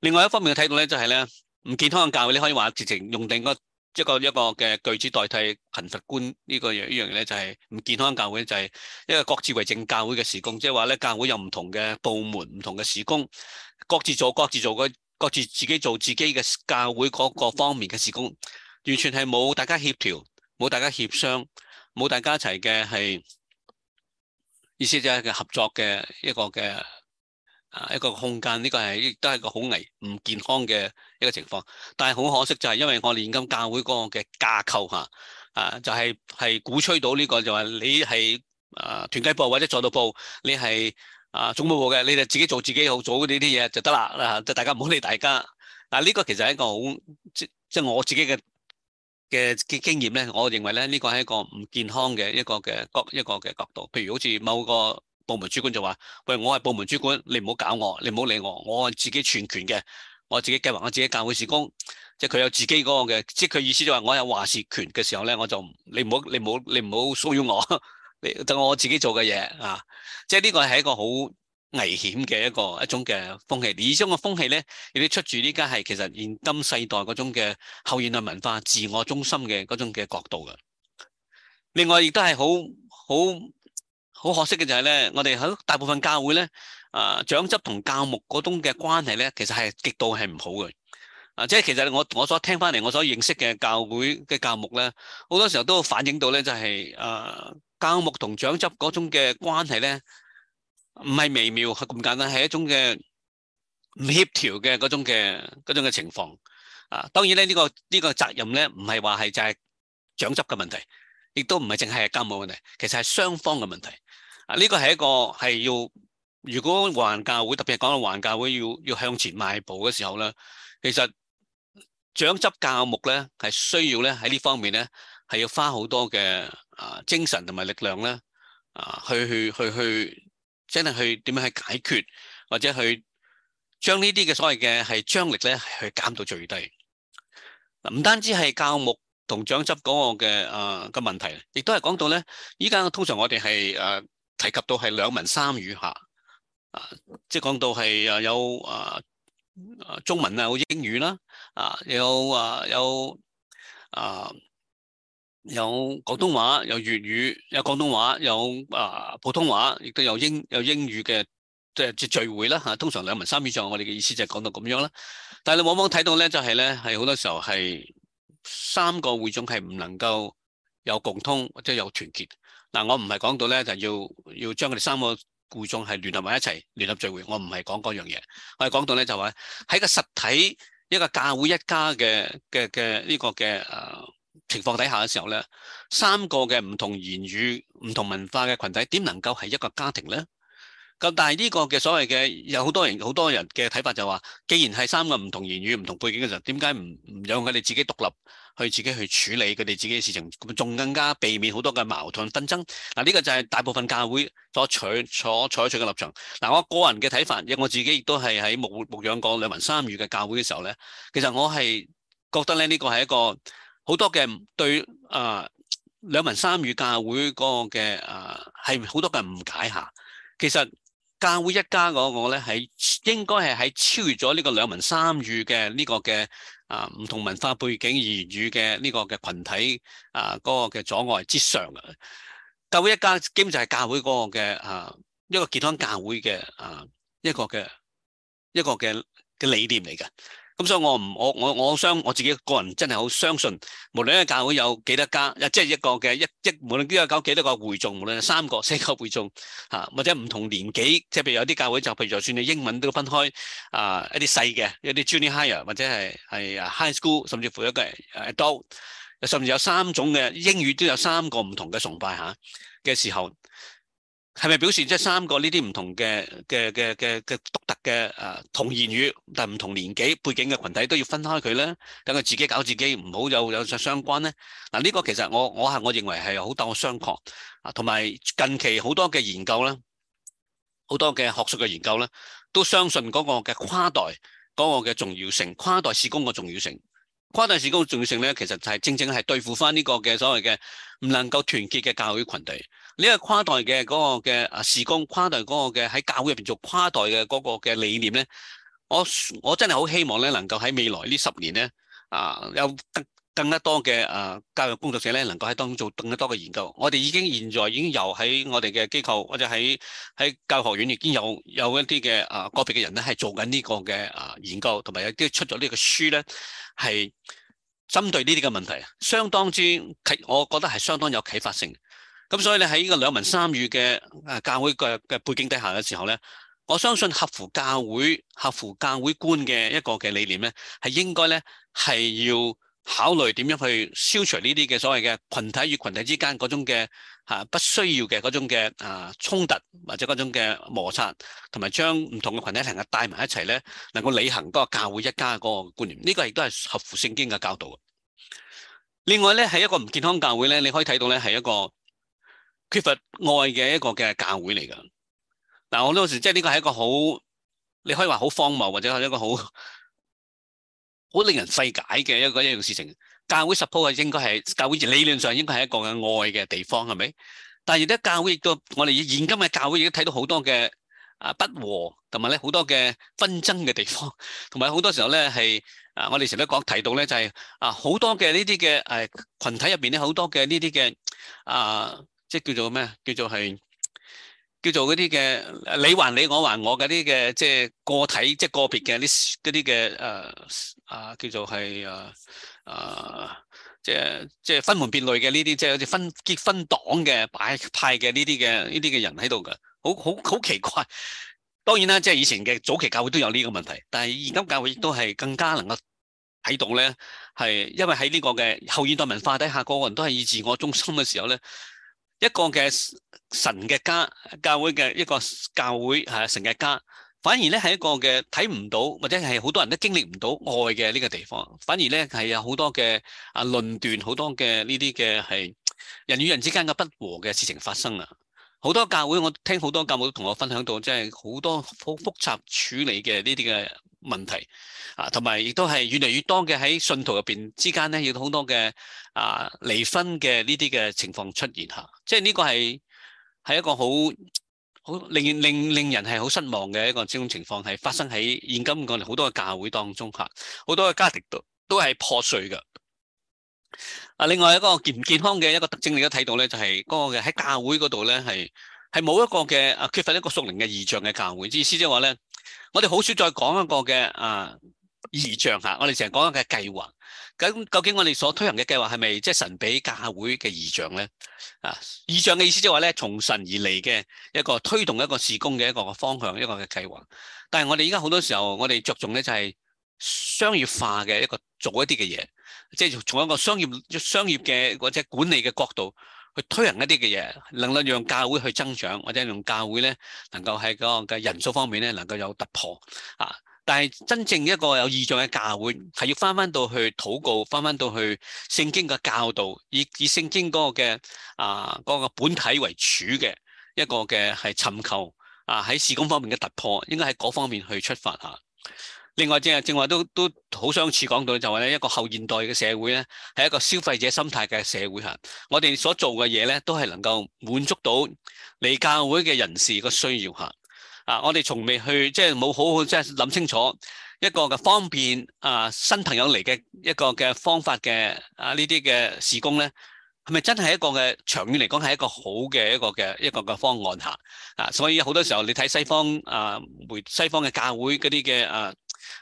另外一方面嘅睇到咧，就係咧唔健康嘅教會，你可以話直情用定一個一個一個嘅句子代替貧乏觀呢個樣呢樣嘢咧，就係、是、唔健康嘅教會就係一個各自為政教會嘅事工，即係話咧教會有唔同嘅部門、唔同嘅事工，各自做、各自做、各自做、各自自己做自己嘅教會嗰個方面嘅事工，完全係冇大家協調。冇大家協商，冇大家一齊嘅係意思就係嘅合作嘅一個嘅啊一個空間，呢個係亦都係一個好危唔健康嘅一個情況。但係好可惜就係因為我現今教會嗰個嘅架構嚇啊，就係、是、係鼓吹到呢、這個就話、是、你係啊團契部或者助道部，你係啊總務部嘅，你哋自己做自己好做嗰啲啲嘢就得啦啦嚇，啊、大家唔好理大家。嗱、啊、呢、這個其實係一個好即即、就是、我自己嘅。嘅嘅經驗咧，我認為咧，呢個係一個唔健康嘅一個嘅角一個嘅角度。譬如好似某個部門主管就話：喂，我係部門主管，你唔好搞我，你唔好理我，我係自己全權嘅，我自己計劃，我自己教會事工，即係佢有自己嗰個嘅，即係佢意思就話我有話事權嘅時候咧，我就你唔好你唔好你唔好騷擾我，你 等我自己做嘅嘢啊。即係呢個係一個好危險嘅一個一種嘅風氣，而呢種嘅風氣咧，亦都出自呢家係其實現今世代嗰種嘅後現代文化，自我中心嘅嗰種嘅角度嘅。另外，亦都係好好好可惜嘅就係咧，我哋喺大部分教會咧，啊長執同教牧嗰種嘅關係咧，其實係極度係唔好嘅。啊、呃，即係其實我我所聽翻嚟，我所認識嘅教會嘅教牧咧，好多時候都反映到咧，就係、是、啊、呃、教牧同長執嗰種嘅關係咧。唔係微妙，係咁簡單，係一種嘅唔協調嘅嗰種嘅嗰種嘅情況啊。當然咧，呢個呢個責任咧，唔係話係就係長執嘅問題，亦都唔係淨係教務問題，其實係雙方嘅問題啊。呢個係一個係要，如果環教會特別係講到環教會要要向前邁步嘅時候咧，其實長執教務咧係需要咧喺呢方面咧係要花好多嘅啊精神同埋力量咧啊去去去去。去去去即係去點樣去解決，或者去將呢啲嘅所謂嘅係張力咧，去減到最低。嗱，唔單止係教牧同長執嗰個嘅啊嘅問題，亦都係講到咧。依家通常我哋係誒提及到係兩文三語下，啊、呃，即係講到係啊有啊啊、呃、中文啊，有英語啦啊、呃，有啊、呃、有啊。呃有廣東話，有粵語，有廣東話，有啊普通話，亦都有英有英語嘅，即係聚聚會啦吓、啊。通常兩文三語上，我哋嘅意思就係講到咁樣啦。但係你往往睇到咧，就係咧係好多時候係三個會眾係唔能夠有共通，或者有團結。嗱、啊，我唔係講到咧，就係、要要將佢哋三個會眾係聯合埋一齊，聯合聚會。我唔係講嗰樣嘢，我係講到咧就話、係、喺個實體一個教會一家嘅嘅嘅呢個嘅誒。情況底下嘅時候咧，三個嘅唔同言語、唔同文化嘅群體點能夠係一個家庭呢？咁但係呢個嘅所謂嘅有好多人好多人嘅睇法就話，既然係三個唔同言語、唔同背景嘅人，點解唔唔讓佢哋自己獨立去自己去處理佢哋自己嘅事情，仲更加避免好多嘅矛盾紛爭嗱？呢個就係大部分教會所取所採取嘅立場。嗱，我個人嘅睇法，因為我自己亦都係喺牧牧養過兩文三語嘅教會嘅時候呢，其實我係覺得咧，呢個係一個。好多嘅對啊，兩文三語教會嗰個嘅啊係好多嘅誤解下。其實教會一家嗰個咧係應該係喺超越咗呢個兩文三語嘅呢，這個嘅啊唔同文化背景而，而言語嘅呢個嘅群體啊嗰，那個嘅阻礙之上嘅。教會一家基本上就係教會嗰個嘅啊一個健康教會嘅啊一個嘅一個嘅嘅理念嚟嘅。咁、嗯、所以我，我唔我我我相信我自己個人真係好相信，無論一個教會有幾多家，即係一個嘅一一，即無論呢個搞幾多個會眾，無論三個、四個會眾，嚇或者唔同年紀，即係譬如有啲教會就譬如就算你英文都分開啊，一啲細嘅，一啲 junior high 或者係係 high school，甚至乎一個 adult，甚至有三種嘅英語都有三個唔同嘅崇拜嚇嘅、啊、時候。係咪表示即係三個呢啲唔同嘅嘅嘅嘅嘅獨特嘅誒、呃、同言語，但係唔同年紀背景嘅群體都要分開佢咧，等佢自己搞自己，唔好有有相關咧。嗱、啊、呢、呢個其實我我係我認為係好多嘅商榷。啊，同埋近期好多嘅研究咧，好多嘅學術嘅研究咧，都相信嗰個嘅跨代嗰、嗰個嘅重要性，跨代事工嘅重要性，跨代事工嘅重要性咧，其實就係、是、正正係對付翻呢個嘅所謂嘅唔能夠團結嘅教育群體。呢個跨代嘅嗰個嘅啊，事工跨代嗰個嘅喺教會入邊做跨代嘅嗰個嘅理念咧，我我真係好希望咧能夠喺未來呢十年咧啊、呃，有更更加多嘅啊、呃、教育工作者咧能夠喺當中做更加多嘅研究。我哋已經現在已經有喺我哋嘅機構或者喺喺教育學院已經有有一啲嘅啊個別嘅人咧係做緊呢個嘅啊研究，同埋有啲出咗呢個書咧係針對呢啲嘅問題，相當之啟，我覺得係相當有啟發性。咁所以咧喺呢個兩文三語嘅誒教會嘅嘅背景底下嘅時候咧，我相信合乎教會、合乎教會觀嘅一個嘅理念咧，係應該咧係要考慮點樣去消除呢啲嘅所謂嘅群體與群體之間嗰種嘅嚇不需要嘅嗰種嘅啊衝突或者嗰種嘅摩擦，將同埋將唔同嘅群體成日帶埋一齊咧，能夠履行嗰個教會一家嗰個觀念。呢、這個亦都係合乎聖經嘅教導。另外咧，喺一個唔健康教會咧，你可以睇到咧係一個。.缺乏愛嘅一個嘅教會嚟噶，嗱我呢有時即係呢個係一個好，你可以話好荒謬或者係一個好好令人費解嘅一個一樣事情。教會十鋪係，應該係教會理論上應該係一個嘅愛嘅地方係咪？但係而家教會亦都我哋現今嘅教會亦都睇到好多嘅啊不和，同埋咧好多嘅紛爭嘅地方，同埋好多時候咧係啊我哋成日都講提到咧就係、是、啊好多嘅呢啲嘅誒群體入邊咧好多嘅呢啲嘅啊。即係叫做咩？叫做係叫做嗰啲嘅你還你我還我嗰啲嘅，即係個體即係個別嘅啲啲嘅誒誒，叫做係誒誒，即係即係分門別類嘅呢啲，即係好似分結婚黨嘅擺派嘅呢啲嘅呢啲嘅人喺度嘅，好好好奇怪。當然啦，即係以前嘅早期教會都有呢個問題，但係而今教會亦都係更加能夠喺度咧，係因為喺呢個嘅後現代文化底下，個個人都係以自我中心嘅時候咧。一個嘅神嘅家教會嘅一個教會係神嘅家，反而咧係一個嘅睇唔到，或者係好多人都經歷唔到愛嘅呢個地方，反而咧係有好多嘅啊論斷，好多嘅呢啲嘅係人與人之間嘅不和嘅事情發生啊。好多教會，我聽好多教會都同我分享到，即係好多好複雜處理嘅呢啲嘅問題啊，同埋亦都係越嚟越多嘅喺信徒入邊之間咧，有好多嘅啊離婚嘅呢啲嘅情況出現吓，即係呢個係係一個好好令令令人係好失望嘅一個這種情況係發生喺現今我哋好多嘅教會當中吓，好多嘅家庭都都係破碎噶。啊，另外一個健唔健康嘅一個特徵，你都睇到咧，就係、是、嗰個嘅喺教會嗰度咧，係係冇一個嘅啊，缺乏一個屬靈嘅異象嘅教會。意思即係話咧，我哋好少再講一個嘅啊異象啊。吓我哋成日講一個計劃，咁究竟我哋所推行嘅計劃係咪即係神俾教會嘅異象咧？啊，異象嘅意思即係話咧，從神而嚟嘅一個推動一個事工嘅一個方向，一個嘅計劃。但係我哋而家好多時候，我哋着重咧就係商業化嘅一個做一啲嘅嘢。即係從一個商業、商業嘅或者管理嘅角度去推行一啲嘅嘢，令到讓教會去增長，或者讓教會咧能夠喺個嘅人數方面咧能夠有突破啊！但係真正一個有意象嘅教會係要翻翻到去禱告，翻翻到去聖經嘅教導，以以聖經嗰個嘅啊、嗰個本體為主嘅一個嘅係尋求啊喺事工方面嘅突破，應該喺嗰方面去出發吓。另外即係正話都都好相似講到，就話咧一個後現代嘅社會咧，係一個消費者心態嘅社會吓。我哋所做嘅嘢咧，都係能夠滿足到你教會嘅人士個需要吓。啊，我哋從未去即係冇好好即係諗清楚一個嘅方便啊新朋友嚟嘅一個嘅方法嘅啊呢啲嘅事工咧，係咪真係一個嘅長遠嚟講係一個好嘅一個嘅一個嘅方案吓啊！所以好多時候你睇西方啊媒西方嘅教會嗰啲嘅啊。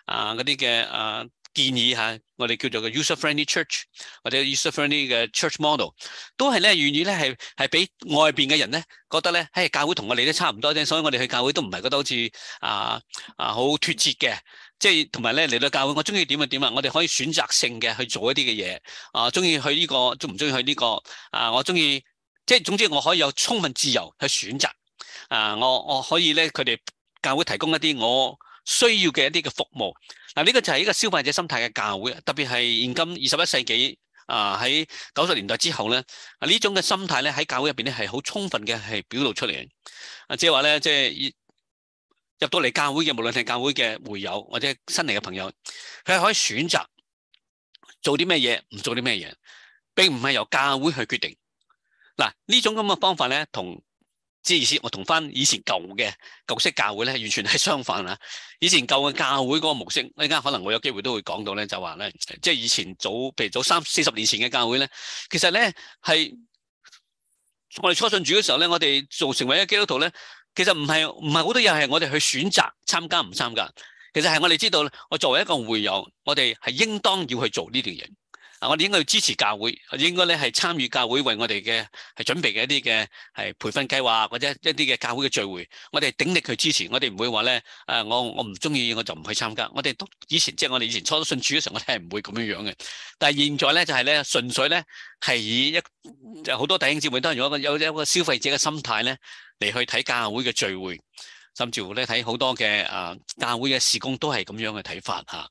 啊，嗰啲嘅啊建議嚇、啊，我哋叫做個 user friendly church 或者 user friendly 嘅 church model，都係咧願意咧係係俾外邊嘅人咧覺得咧，唉，教會同我哋都差唔多啫，所以我哋去教會都唔係覺得好似啊啊好脫節嘅，即係同埋咧嚟到教會，我中意點啊點、這個這個、啊，我哋可以選擇性嘅去做一啲嘅嘢，啊，中意去呢個中唔中意去呢個啊，我中意即係總之我可以有充分自由去選擇，啊，我我可以咧佢哋教會提供一啲我。需要嘅一啲嘅服務，嗱，呢個就係一個消費者心態嘅教會，特別係現今二十一世紀啊，喺九十年代之後咧，啊呢種嘅心態咧喺教會入邊咧係好充分嘅係表露出嚟，啊即係話咧即係入到嚟教會嘅，無論係教會嘅會友或者新嚟嘅朋友，佢係可以選擇做啲咩嘢，唔做啲咩嘢，並唔係由教會去決定。嗱，呢種噉嘅方法咧，同。啲意思，我同翻以前舊嘅舊式教會咧，完全係相反啊！以前舊嘅教會嗰個模式，呢家可能我有機會都會講到咧，就話咧，即係以前早，譬如早三四十年前嘅教會咧，其實咧係我哋初信主嘅時候咧，我哋做成為一基督徒咧，其實唔係唔係好多嘢係我哋去選擇參加唔參加，其實係我哋知道，我作為一個會友，我哋係應當要去做呢段嘢。啊！我哋應該要支持教會，應該咧係參與教會為我哋嘅係準備嘅一啲嘅係培訓計劃，或者一啲嘅教會嘅聚會，我哋係鼎力去支持。我哋唔會話咧，誒、呃，我我唔中意我就唔去參加。我哋都以前即係我哋以前初信主嘅時候，我哋係唔會咁樣樣嘅。但係現在咧就係、是、咧，純粹咧係以一好多弟兄姊妹當然有一個有一個消費者嘅心態咧嚟去睇教會嘅聚會，甚至乎咧睇好多嘅誒、呃、教會嘅事工都係咁樣嘅睇法嚇。啊。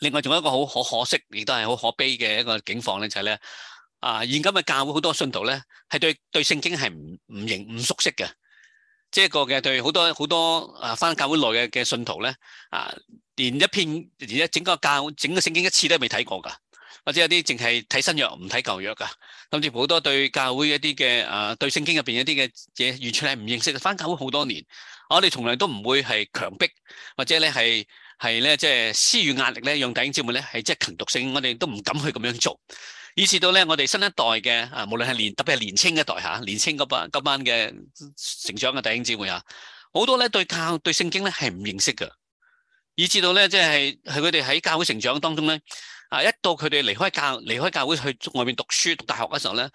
另外仲有一個好可可惜，亦都係好可悲嘅一個景況咧，就係咧啊，現今嘅教會好多信徒咧，係對對聖經係唔唔認唔熟悉嘅。即係一個嘅對好多好多啊，返教會內嘅嘅信徒咧啊，連一片，而一整個教整個聖經一次都未睇過噶，或者有啲淨係睇新約唔睇舊約噶，甚至好多對教會一啲嘅啊，對聖經入邊一啲嘅嘢完全係唔認識，返教會好多年，啊、我哋從來都唔會係強迫，或者你係。係咧，即係施予壓力咧，讓弟兄姊妹咧係即係強毒性，我哋都唔敢去咁樣做。以至到咧，我哋新一代嘅啊，無論係年，特別係年青一代嚇、啊，年青嗰班嗰班嘅成長嘅弟兄姊妹啊，好多咧對教對聖經咧係唔認識嘅。以至到咧，即係係佢哋喺教會成長當中咧，啊一到佢哋離開教離開教會去外邊讀書讀大學嘅時候咧。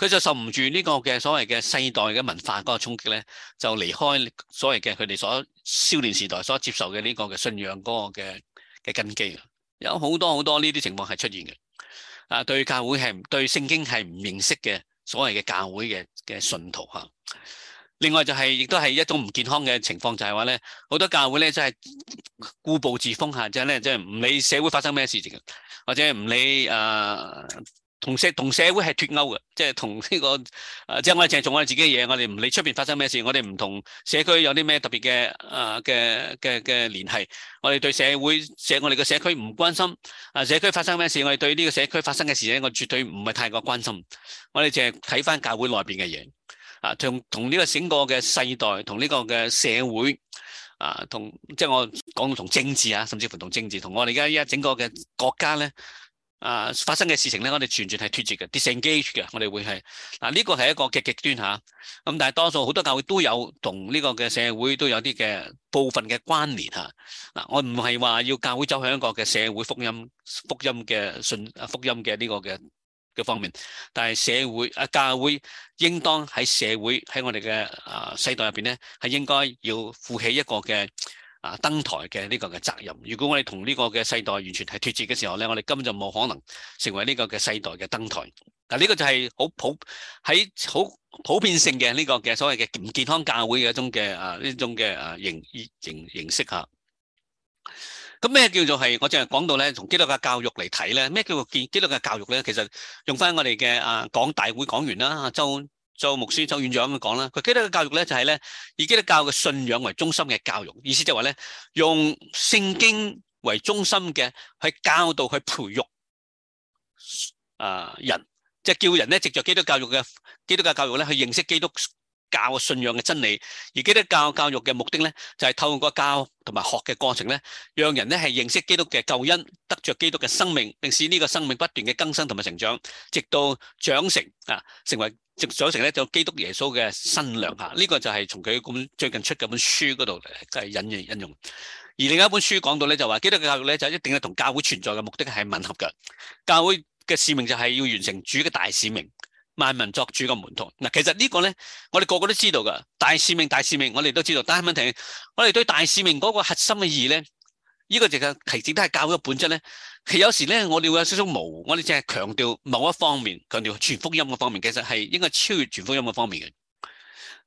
佢就受唔住呢個嘅所謂嘅世代嘅文化嗰個衝擊咧，就離開所謂嘅佢哋所少年時代所接受嘅呢個嘅信仰嗰個嘅嘅根基啊！有好多好多呢啲情況係出現嘅啊，對教會係唔對聖經係唔認識嘅所謂嘅教會嘅嘅信徒嚇。另外就係亦都係一種唔健康嘅情況，就係，就係話咧，好多教會咧真係固步自封下，即係咧即係唔理社會發生咩事情，或者唔理啊。呃同社同社會係脫鉤嘅，即係同呢個，即係我哋淨係做我哋自己嘅嘢，我哋唔理出邊發生咩事，我哋唔同社區有啲咩特別嘅啊嘅嘅嘅聯繫，我哋對社會社我哋嘅社區唔關心啊，社區發生咩事，我哋對呢個社區發生嘅事咧，我絕對唔係太過關心。我哋淨係睇翻教會內邊嘅嘢啊，同同呢個整個嘅世代，同呢個嘅社會啊，同即係我講到同政治啊，甚至乎同政治，同我哋而家而家整個嘅國家咧。啊！發生嘅事情咧，我哋全全係脱節嘅 disengage 嘅。我哋會係嗱呢個係一個極極端嚇。咁、啊、但係多數好多教會都有同呢個嘅社會都有啲嘅部分嘅關聯嚇。嗱、啊，我唔係話要教會走向一個嘅社會福音福音嘅信啊福音嘅呢個嘅嘅方面，但係社會啊教會應當喺社會喺我哋嘅啊世代入邊咧，係應該要負起一個嘅。啊！登台嘅呢個嘅責任，如果我哋同呢個嘅世代完全係脫節嘅時候咧，我哋根本就冇可能成為呢個嘅世代嘅登台。嗱，呢個就係好普喺好普遍性嘅呢個嘅所謂嘅唔健康教會嘅一種嘅啊呢種嘅啊形形形，形式啊。咁咩叫做係？我淨係講到咧，從基督教教育嚟睇咧，咩叫做健基督教嘅教育咧？其實用翻我哋嘅啊講大會講完啦，就、啊。周做牧師、做院長咁講啦，佢基督教教育咧就係咧以基督教嘅信仰為中心嘅教育，意思就係話用聖經為中心嘅去教導、去培育人，即係叫人咧藉著基、基督教教育嘅基督教教育咧去認識基督。教信仰嘅真理，而基督教教育嘅目的咧，就係透過教同埋學嘅過程咧，讓人咧係認識基督嘅救恩，得著基督嘅生命，並使呢個生命不斷嘅更新同埋成長，直到長成啊，成為長成咧就基督耶穌嘅新娘啊！呢個就係從佢咁最近出嘅本書嗰度嚟引引引用。而另一本書講到咧，就話基督嘅教育咧就一定係同教會存在嘅目的係吻合嘅，教會嘅使命就係要完成主嘅大使命。萬民作主嘅門徒嗱，其實個呢個咧，我哋個個都知道噶。大使命，大使命，我哋都知道。但係問題我哋對大使命嗰個核心嘅意義咧，呢、這個就嘅其實都係教會嘅本質咧。其實呢其有時咧，我哋會有少少模糊，我哋淨係強調某一方面，強調全福音嘅方面，其實係應該超越全福音嘅方面嘅。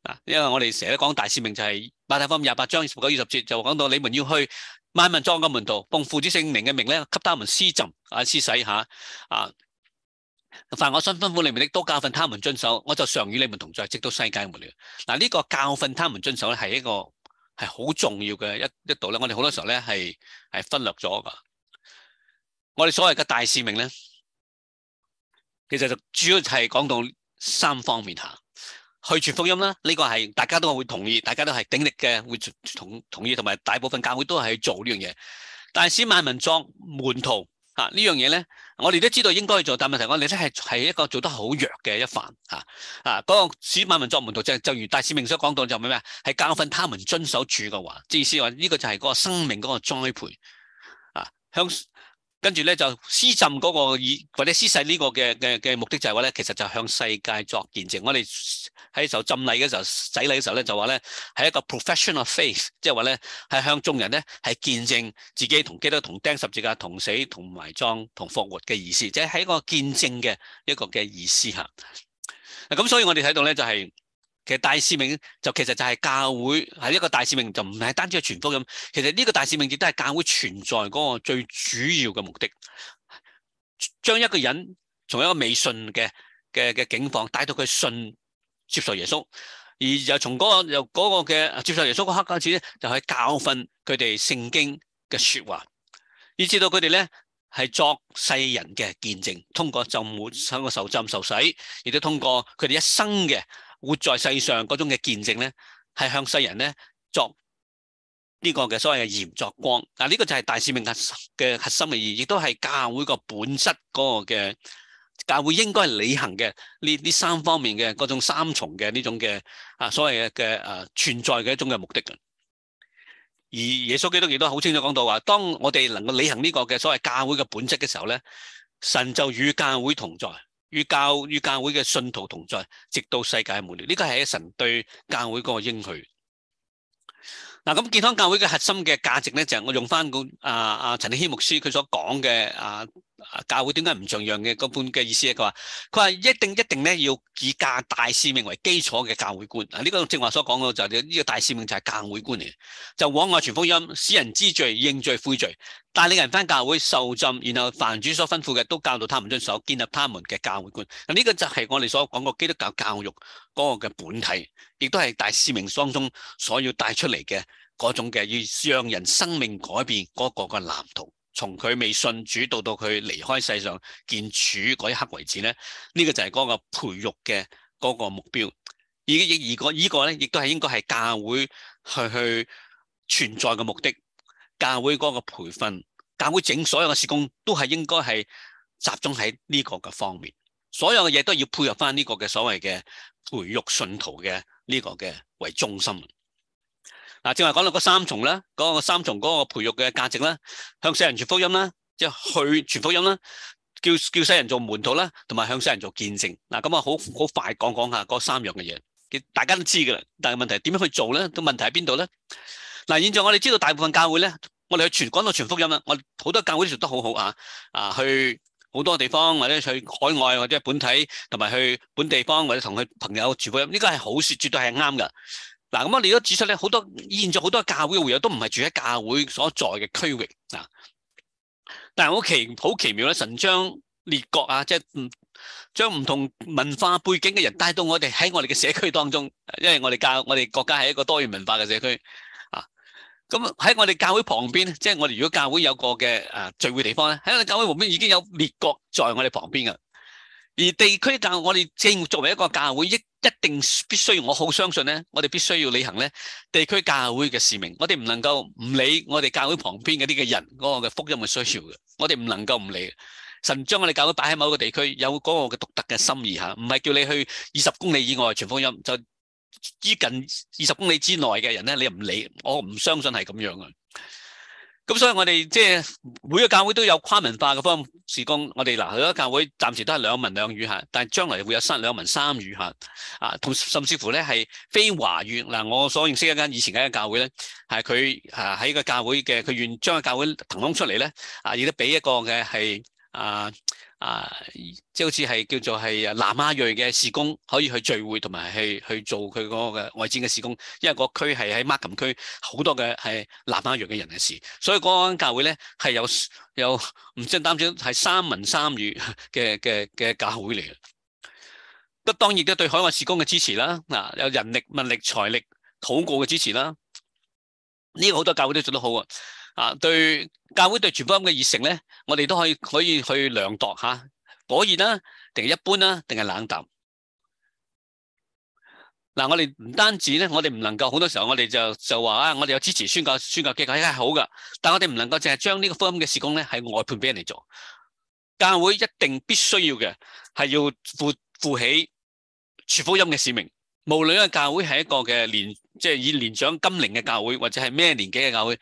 嗱，因為我哋成日都講大使命就係、是、馬太福音廿八章十九二十節就講到，你們要去萬民作主嘅門徒，奉父子聖靈嘅名咧，給他們施浸啊，施洗吓啊。凡我所吩咐你們的，都教訓他們遵守，我就常與你們同在，直到世界末了。嗱，呢個教訓他們遵守咧，係一個係好重要嘅一一度咧。我哋好多時候咧係係忽略咗噶。我哋所謂嘅大使命咧，其實就主要係講到三方面吓：去傳福音啦，呢、這個係大家都會同意，大家都係鼎力嘅會同同意，同埋大部分教會都係做呢樣嘢。大使、萬民、作門徒。啊！呢樣嘢咧，我哋都知道應該去做，但問題我哋咧係係一個做得好弱嘅一環。啊啊！嗰、啊那個使萬民作門徒就就如大使命所講到就咩咩，係教訓他們遵守主嘅話，意思話呢個就係嗰個生命嗰個栽培啊，向。跟住咧就施浸嗰個或者施洗呢個嘅嘅嘅目的就係話咧，其實就向世界作見證。我哋喺受浸禮嘅時候、洗禮嘅時候咧，就話咧係一個 professional faith，即係話咧係向眾人咧係見證自己同基督同釘十字架、同死、同埋葬、同復活嘅意思，即係喺一個見證嘅一個嘅意思嚇。咁，所以我哋睇到咧就係。其實大使命就其實就係教會係一個大使命，就唔係單止係傳福音咁。其實呢個大使命亦都係教會存在嗰個最主要嘅目的，將一個人從一個未信嘅嘅嘅境況帶到佢信接受耶穌，而又從嗰個由嗰個嘅接受耶穌嗰刻開始咧，就係教訓佢哋聖經嘅說話，以至到佢哋咧係作世人嘅見證，通過浸滿喺個受浸受洗，亦都通過佢哋一生嘅。活在世上嗰種嘅見證咧，係向世人咧作呢個嘅所謂嘅鹽作光。嗱、啊、呢、這個就係大使命嘅嘅核，核心嘅意義，亦都係教會本質個本質嗰個嘅教會應該係履行嘅呢呢三方面嘅嗰種三重嘅呢種嘅啊所謂嘅嘅存在嘅一種嘅目的嘅。而耶穌基督亦都好清楚講到話，當我哋能夠履行呢個嘅所謂教會嘅本質嘅時候咧，神就與教會同在。與教與教會嘅信徒同在，直到世界末了，呢個係神對教會個應許。嗱，咁健康教會嘅核心嘅價值咧，就係、是、我用翻個阿阿陳立謙牧師佢所講嘅啊教會點解唔重要嘅嗰半嘅意思咧？佢話佢話一定一定咧要以教大使命為基礎嘅教會觀。啊、這個就是，呢個正話所講嘅就係呢個大使命就係教會觀嚟，就往外傳福音，使人知罪、認罪、悔罪，帶領人翻教會受浸，然後凡主所吩咐嘅都教導他們遵守，建立他們嘅教會觀。嗱，呢個就係我哋所講嘅基督教教育。嗰個嘅本體，亦都係大使命當中所要帶出嚟嘅嗰種嘅，要讓人生命改變嗰個嘅藍圖。從佢未信主到到佢離開世上見主嗰一刻為止咧，呢、呢個就係嗰個培育嘅嗰個目標。而而個呢個咧，亦都係應該係教會去去存在嘅目的。教會嗰個培訓，教會整所有嘅事工，都係應該係集中喺呢個嘅方面。所有嘅嘢都要配合翻呢個嘅所謂嘅培育信徒嘅呢個嘅為中心。嗱、啊，正話講到嗰三重啦，嗰、嗰個三重嗰個培育嘅價值啦，向世人傳福音啦，即係去傳福音啦，叫叫世人做門徒啦，同埋向世人做見證。嗱，咁啊，好好快講講下嗰三樣嘅嘢，佢大家都知㗎啦。但係問題點樣去做咧？個問題喺邊度咧？嗱、啊，現在我哋知道大部分教會咧，我哋去傳講到傳福音啦，我好多教會都做得好好啊，啊去。好多地方或者去海外或者本土同埋去本地方或者同佢朋友住附近，呢個係好事，絕對係啱㗎。嗱，咁我哋都指出咧，好多現在好多教會嘅會友都唔係住喺教會所在嘅區域。嗱，但係好奇好奇妙咧，神將列國啊，即係將唔同文化背景嘅人帶到我哋喺我哋嘅社區當中，因為我哋教我哋國家係一個多元文化嘅社區。咁喺我哋教會旁邊，即係我哋如果教會有個嘅誒聚會地方咧，喺我哋教會旁邊已經有列國在我哋旁邊噶。而地區教會我哋正作為一個教會，一一定必須，我好相信咧，我哋必須要履行咧，地區教會嘅使命。我哋唔能夠唔理我哋教會旁邊嗰啲嘅人嗰個嘅福音嘅需要嘅，我哋唔能夠唔理。神將我哋教會擺喺某個地區，有嗰個嘅獨特嘅心意吓，唔係叫你去二十公里以外傳福音就。依近二十公里之內嘅人咧，你又唔理？我唔相信係咁樣嘅。咁所以我，我哋即係每個教會都有跨文化嘅方事工。我哋嗱，好、啊、多教會暫時都係兩文兩語吓，但係將來會有三兩文三語吓。啊，同甚至乎咧係非華語嗱、啊。我所認識一間以前嘅一間教會咧，係佢啊喺個教會嘅，佢願將個教會騰空出嚟咧啊，亦都俾一個嘅係啊。啊！即係好似係叫做係南亞裔嘅事工，可以去聚會同埋去去做佢嗰個嘅外展嘅事工，因為個區係喺馬錦區，好多嘅係南亞裔嘅人嘅事，所以嗰間教會咧係有有唔知單止係三文三語嘅嘅嘅教會嚟嘅。咁當然都對海外事工嘅支持啦，嗱，有人力、物力、財力、禱告嘅支持啦，呢、呢個好多教會都做得好啊！啊，對教會對傳福音嘅熱誠咧，我哋都可以可以去量度吓，火熱啦，定係一般啦，啊，定係冷淡。嗱、啊，我哋唔單止咧，我哋唔能夠好多時候我，我哋就就話啊，我哋有支持宣教宣教機構係好噶，但我哋唔能夠淨係將呢個福音嘅事工咧係外判俾人嚟做。教會一定必須要嘅係要負負起傳福音嘅使命，無論個教會係一個嘅年，即、就、係、是、以年長金齡嘅教會，或者係咩年紀嘅教會。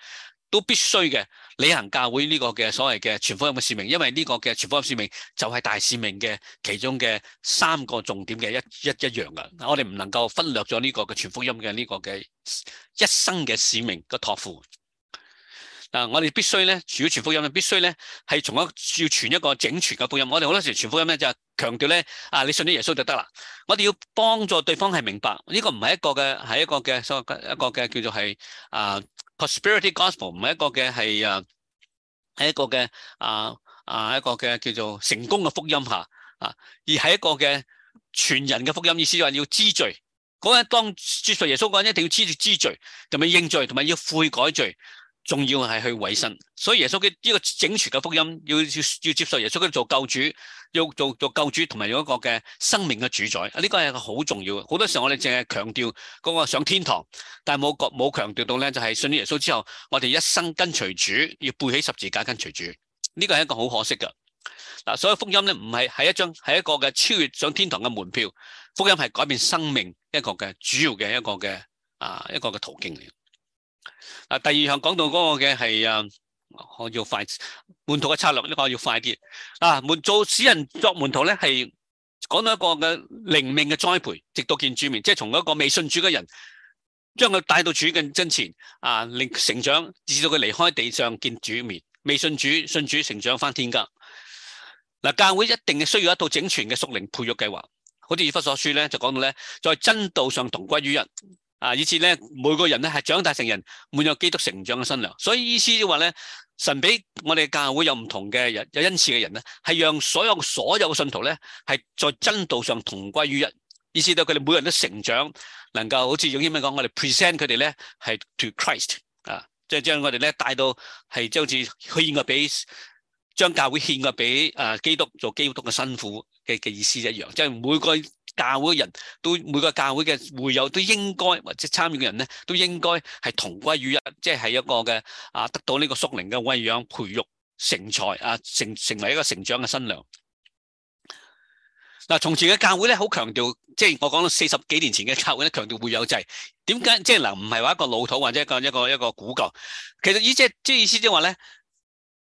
都必須嘅履行教會呢個嘅所謂嘅全福音嘅使命，因為呢個嘅全福音使命就係大使命嘅其中嘅三個重點嘅一一一,一樣嘅。我哋唔能夠忽略咗呢個嘅全福音嘅呢、這個嘅一生嘅使命嘅託付。嗱、啊，我哋必須咧，除咗全福音咧，必須咧係從一要傳一個整全嘅福音。我哋好多時全福音咧就是、強調咧啊，你信咗耶穌就得啦。我哋要幫助對方係明白呢、這個唔係一個嘅係一個嘅所謂一個嘅叫做係啊。Prosperity gospel 唔係一個嘅係啊，係、啊、一個嘅啊啊一個嘅叫做成功嘅福音吓啊，而係一個嘅全人嘅福音，意思就係要知罪。嗰日當接受耶穌講，一定要知知罪，同埋認罪，同埋要悔改罪。重要係去委身，所以耶穌嘅呢個整全嘅福音要，要要要接受耶穌做救主，要做做救主，同埋有一個嘅生命嘅主宰。啊，呢個係一個好重要嘅，好多時候我哋淨係強調嗰個上天堂，但係冇覺冇強調到咧，就係信咗耶穌之後，我哋一生跟隨主，要背起十字架跟隨主。呢、這個係一個好可惜嘅嗱、啊，所以福音咧唔係係一張係一個嘅超越上天堂嘅門票，福音係改變生命一個嘅主要嘅一個嘅啊一個嘅途徑嚟。嗱，第二項講到嗰個嘅係啊，我要快門徒嘅策略，呢個要快啲。啊，門，做使人作門徒咧，係講到一個嘅靈命嘅栽培，直到見主面，即係從一個未信主嘅人，將佢帶到主嘅真前啊，令成長，直到佢離開地上見主面。未信主，信主成長返天家。嗱、啊，教會一定需要一套整全嘅屬靈培育計劃，好似以弗所書咧就講到咧，在真道上同歸於一。啊！以致咧，每個人咧係長大成人，滿有基督成長嘅身量。所以意思就話咧，神俾我哋教會有唔同嘅人，有恩賜嘅人咧，係讓所有所有嘅信徒咧，係在真道上同歸於一。意思到佢哋每個人都成長，能夠好似楊先生講，我哋 present 佢哋咧係 to Christ 啊，即係將我哋咧帶到係將似獻過俾，將教會獻過俾啊基督做基督嘅新婦。嘅意思一樣，即係每個教會嘅人都每個教會嘅會友都應該或者參與嘅人咧，都應該係同歸於一，即係一個嘅啊，得到呢個屬靈嘅餵養培育成才啊，成成為一個成長嘅新娘。嗱，從前嘅教會咧，好強調，即係我講到四十幾年前嘅教會咧，強調會友制。點解即係嗱？唔係話一個老土或者一個一個一個古舊。其實依即係即係意思，即係話咧，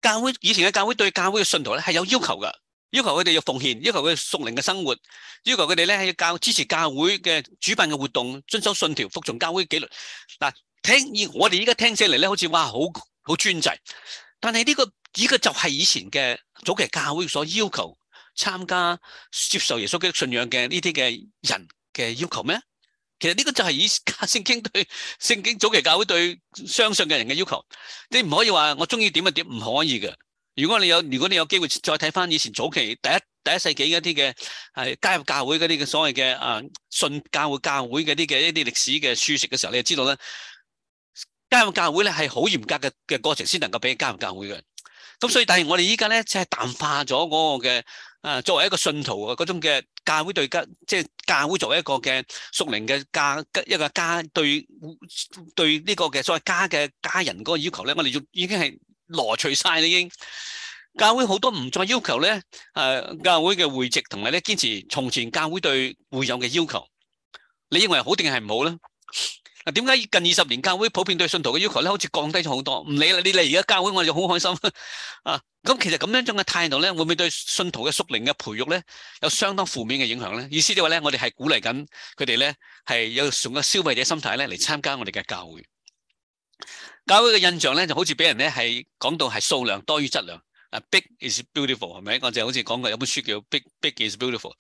教會以前嘅教會對教會嘅信徒咧係有要求㗎。要求佢哋要奉獻，要求佢哋屬靈嘅生活，要求佢哋咧喺教支持教會嘅主辦嘅活動，遵守信條，服從教會紀律。嗱，聽我哋依家聽起嚟咧，好似哇，好好專制。但係呢、呢個呢、呢個就係以前嘅早期教會所要求參加接受耶穌基督信仰嘅呢啲嘅人嘅要求咩？其實呢個就係以聖經對聖經早期教會對相信嘅人嘅要求。你唔可以話我中意點就點，唔可以嘅。如果你有如果你有機會再睇翻以前早期第一第一世紀嗰啲嘅係加入教會嗰啲嘅所謂嘅啊信教會教會嗰啲嘅一啲歷史嘅書籍嘅時候，你就知道咧，加入教會咧係好嚴格嘅嘅過程先能夠俾加入教會嘅。咁所以但係我哋依家咧即係淡化咗嗰個嘅啊作為一個信徒嘅嗰種嘅教會對家即係教會作為一個嘅屬靈嘅家一個家對對呢個嘅所謂家嘅家人嗰個要求咧，我哋要已經係。羅除晒啦已經，教會好多唔再要求咧。誒，教會嘅會籍同埋咧堅持從前教會對會友嘅要求，你認為好定係唔好咧？嗱，點解近二十年教會普遍對信徒嘅要求咧，好似降低咗好多？唔理啦，你嚟而家教會，我就好開心啊！咁其實咁樣一種嘅態度咧，會唔會對信徒嘅屬靈嘅培育咧，有相當負面嘅影響咧？意思就話咧，我哋係鼓勵緊佢哋咧，係有從個消費者心態咧嚟參加我哋嘅教會。教會嘅印象咧，就好似俾人咧係講到係數量多於質量。啊，Big is beautiful 係咪？我就好似講過有本書叫《Big Big is Beautiful》。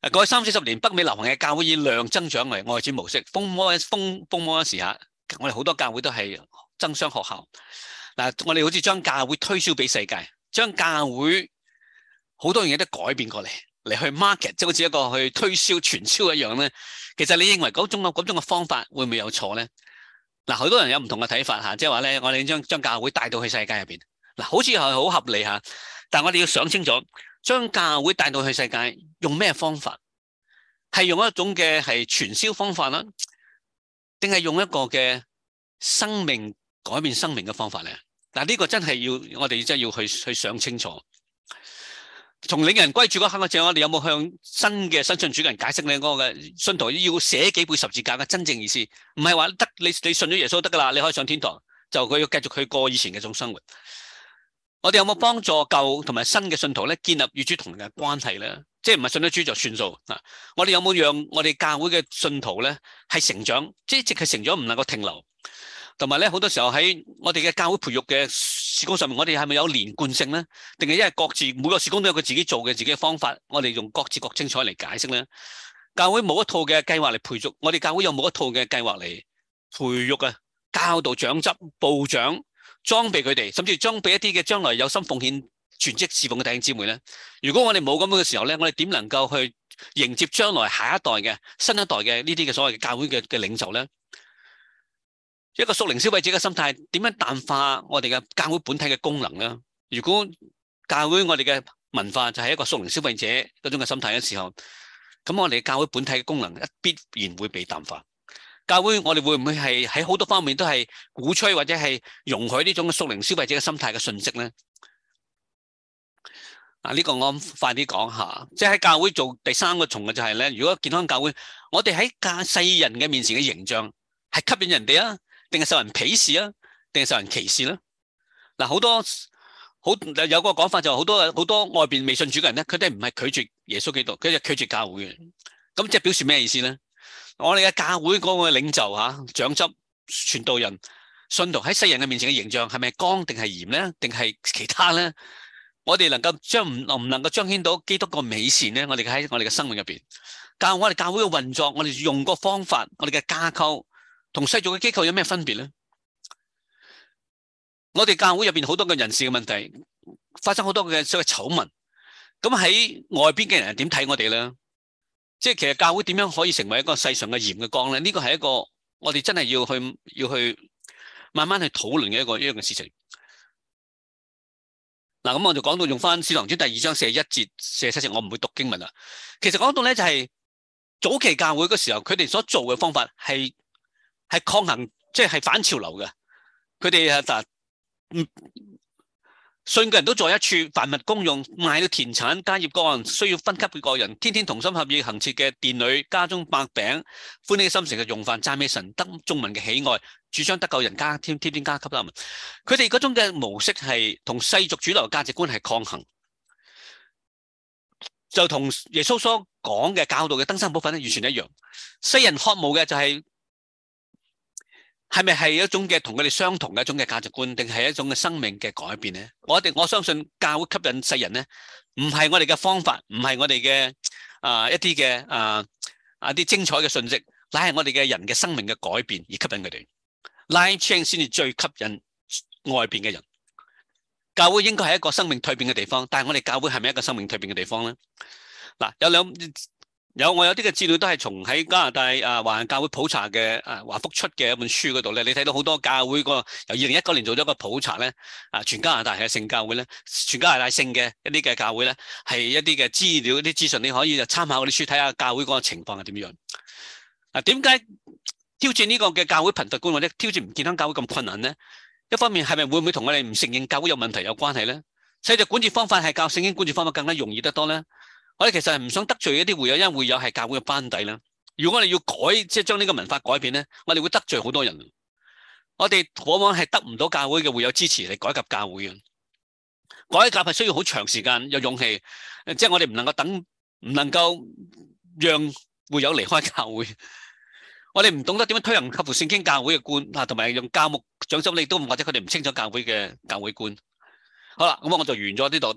啊，過去三四十年，北美流行嘅教會以量增長為外展模式。風魔風風魔嗰時下，我哋好多教會都係爭商學校。嗱、啊，我哋好似將教會推銷俾世界，將教會好多嘢都改變過嚟嚟去 market，即係好似一個去推銷、傳銷一樣咧。其實你認為嗰種嘅嗰種嘅方法會唔會有錯咧？嗱，好多人有唔同嘅睇法吓，即係話咧，我哋將將教會帶到去世界入邊，嗱，好似係好合理吓，但係我哋要想清楚，將教會帶到去世界用咩方法？係用一種嘅係傳銷方法啦，定係用一個嘅生命改變生命嘅方法咧？嗱，呢個真係要我哋真係要去去想清楚。從領人歸主嗰刻嘅時候，我哋有冇向新嘅新信主嘅人解釋呢個嘅信徒要背起十字架嘅真正意思？唔係話得你你，信咗耶穌得㗎喇，你可以上天堂，就佢要繼續去過以前嘅種生活。我哋有冇幫助舊同埋新嘅信徒咧，建立與主同人嘅關係咧？即係唔係信咗主就算數嗱。我哋有冇讓我哋教會嘅信徒咧，係成長，即係直係成長唔能夠停留，同埋咧，好多時候喺我哋嘅教會培育嘅事工上面我哋係咪有連貫性咧？定係因為各自每個事工都有佢自己做嘅自己嘅方法，我哋用各自各精彩嚟解釋咧。教會冇一套嘅計劃嚟培育，我哋教會有冇一套嘅計劃嚟培育啊？教導長執、部長、裝備佢哋，甚至裝備一啲嘅將來有心奉獻全職侍奉嘅弟兄姊妹咧。如果我哋冇咁樣嘅時候咧，我哋點能夠去迎接將來下一代嘅新一代嘅呢啲嘅所謂嘅教會嘅嘅領袖咧？一個屬靈消費者嘅心態點樣淡化我哋嘅教會本體嘅功能咧？如果教會我哋嘅文化就係一個屬靈消費者嗰種嘅心態嘅時候，咁我哋教會本體嘅功能必然會被淡化。教會我哋會唔會係喺好多方面都係鼓吹或者係容許呢種嘅屬靈消費者嘅心態嘅信息咧？啊，呢個我諗快啲講下，即係喺教會做第三個重嘅就係、是、咧。如果健康教會，我哋喺教世人嘅面前嘅形象係吸引人哋啊。定係受人鄙視啊？定係受人歧視咧、啊？嗱，好多好有個講法就好多好多外邊未信主嘅人咧，佢哋唔係拒絕耶穌基督，佢哋就拒絕教會嘅。咁即係表示咩意思咧？我哋嘅教會嗰個領袖嚇、長、啊、執、傳道人、信徒喺世人嘅面前嘅形象係咪光定係嚴咧？定係其他咧？我哋能夠將唔唔能夠彰顯到基督個美善咧？我哋喺我哋嘅生命入邊，教我哋教會嘅運作，我哋用個方法，我哋嘅架構。同世俗嘅機構有咩分別咧？我哋教會入邊好多嘅人士嘅問題，發生好多嘅所謂醜聞。咁喺外邊嘅人係點睇我哋咧？即係其實教會點樣可以成為一個世上嘅鹽嘅光咧？呢個係一個我哋真係要去要去慢慢去討論嘅一個一樣嘅事情。嗱，咁我就講到用翻使徒行傳第二章四十一節四十七節，我唔會讀經文啦。其實講到咧就係、是、早期教會嘅時候，佢哋所做嘅方法係。係抗衡，即、就、係、是、反潮流嘅。佢哋啊，嗱、嗯，信嘅人都在一處，凡物公用，賣了田產、家業個案，各人需要分給佢個人。天天同心合意行善嘅，殿裏家中白餅，歡喜心誠嘅用飯讚美神，得眾民嘅喜愛，主張得救，人家天天天加給他們。佢哋嗰種嘅模式係同世俗主流價值觀係抗衡，就同耶穌所講嘅教導嘅登山寶訓咧，完全一樣。世人渴慕嘅就係、是。係咪係一種嘅同佢哋相同嘅一種嘅價值觀，定係一種嘅生命嘅改變咧？我哋我相信教會吸引世人咧，唔係我哋嘅方法，唔係我哋嘅啊一啲嘅啊一啲精彩嘅信息，乃係我哋嘅人嘅生命嘅改變而吸引佢哋。Life change 先至最吸引外邊嘅人。教會應該係一個生命蛻變嘅地方，但係我哋教會係咪一個生命蛻變嘅地方咧？嗱，有兩。有我有啲嘅資料都係從喺加拿大啊華人教會普查嘅啊華福出嘅一本書嗰度咧，你睇到好多教會個由二零一九年做咗個普查咧啊，全加拿大嘅聖教會咧，全加拿大聖嘅一啲嘅教會咧，係一啲嘅資料，一啲資訊你可以就參考嗰啲書睇下教會嗰個情況係點樣。嗱，啊，點解挑戰呢個嘅教會貧特觀或者挑戰唔健康教會咁困難咧？一方面係咪會唔會同我哋唔承認教會有問題有關係咧？所以只管治方法係教聖經管治方法更加容易得多咧？我哋其實係唔想得罪一啲會友，因為會友係教會嘅班底咧。如果我哋要改，即係將呢個文化改變咧，我哋會得罪好多人。我哋往往係得唔到教會嘅會友支持嚟改革教會啊！改革係需要好長時間，有勇氣，即係我哋唔能夠等，唔能夠讓會友離開教會。 我哋唔懂得點樣推行，合乎聖經教會嘅觀，啊，同埋用教牧掌心嚟都唔或者佢哋唔清楚教會嘅教會觀。好啦，咁我就完咗呢度。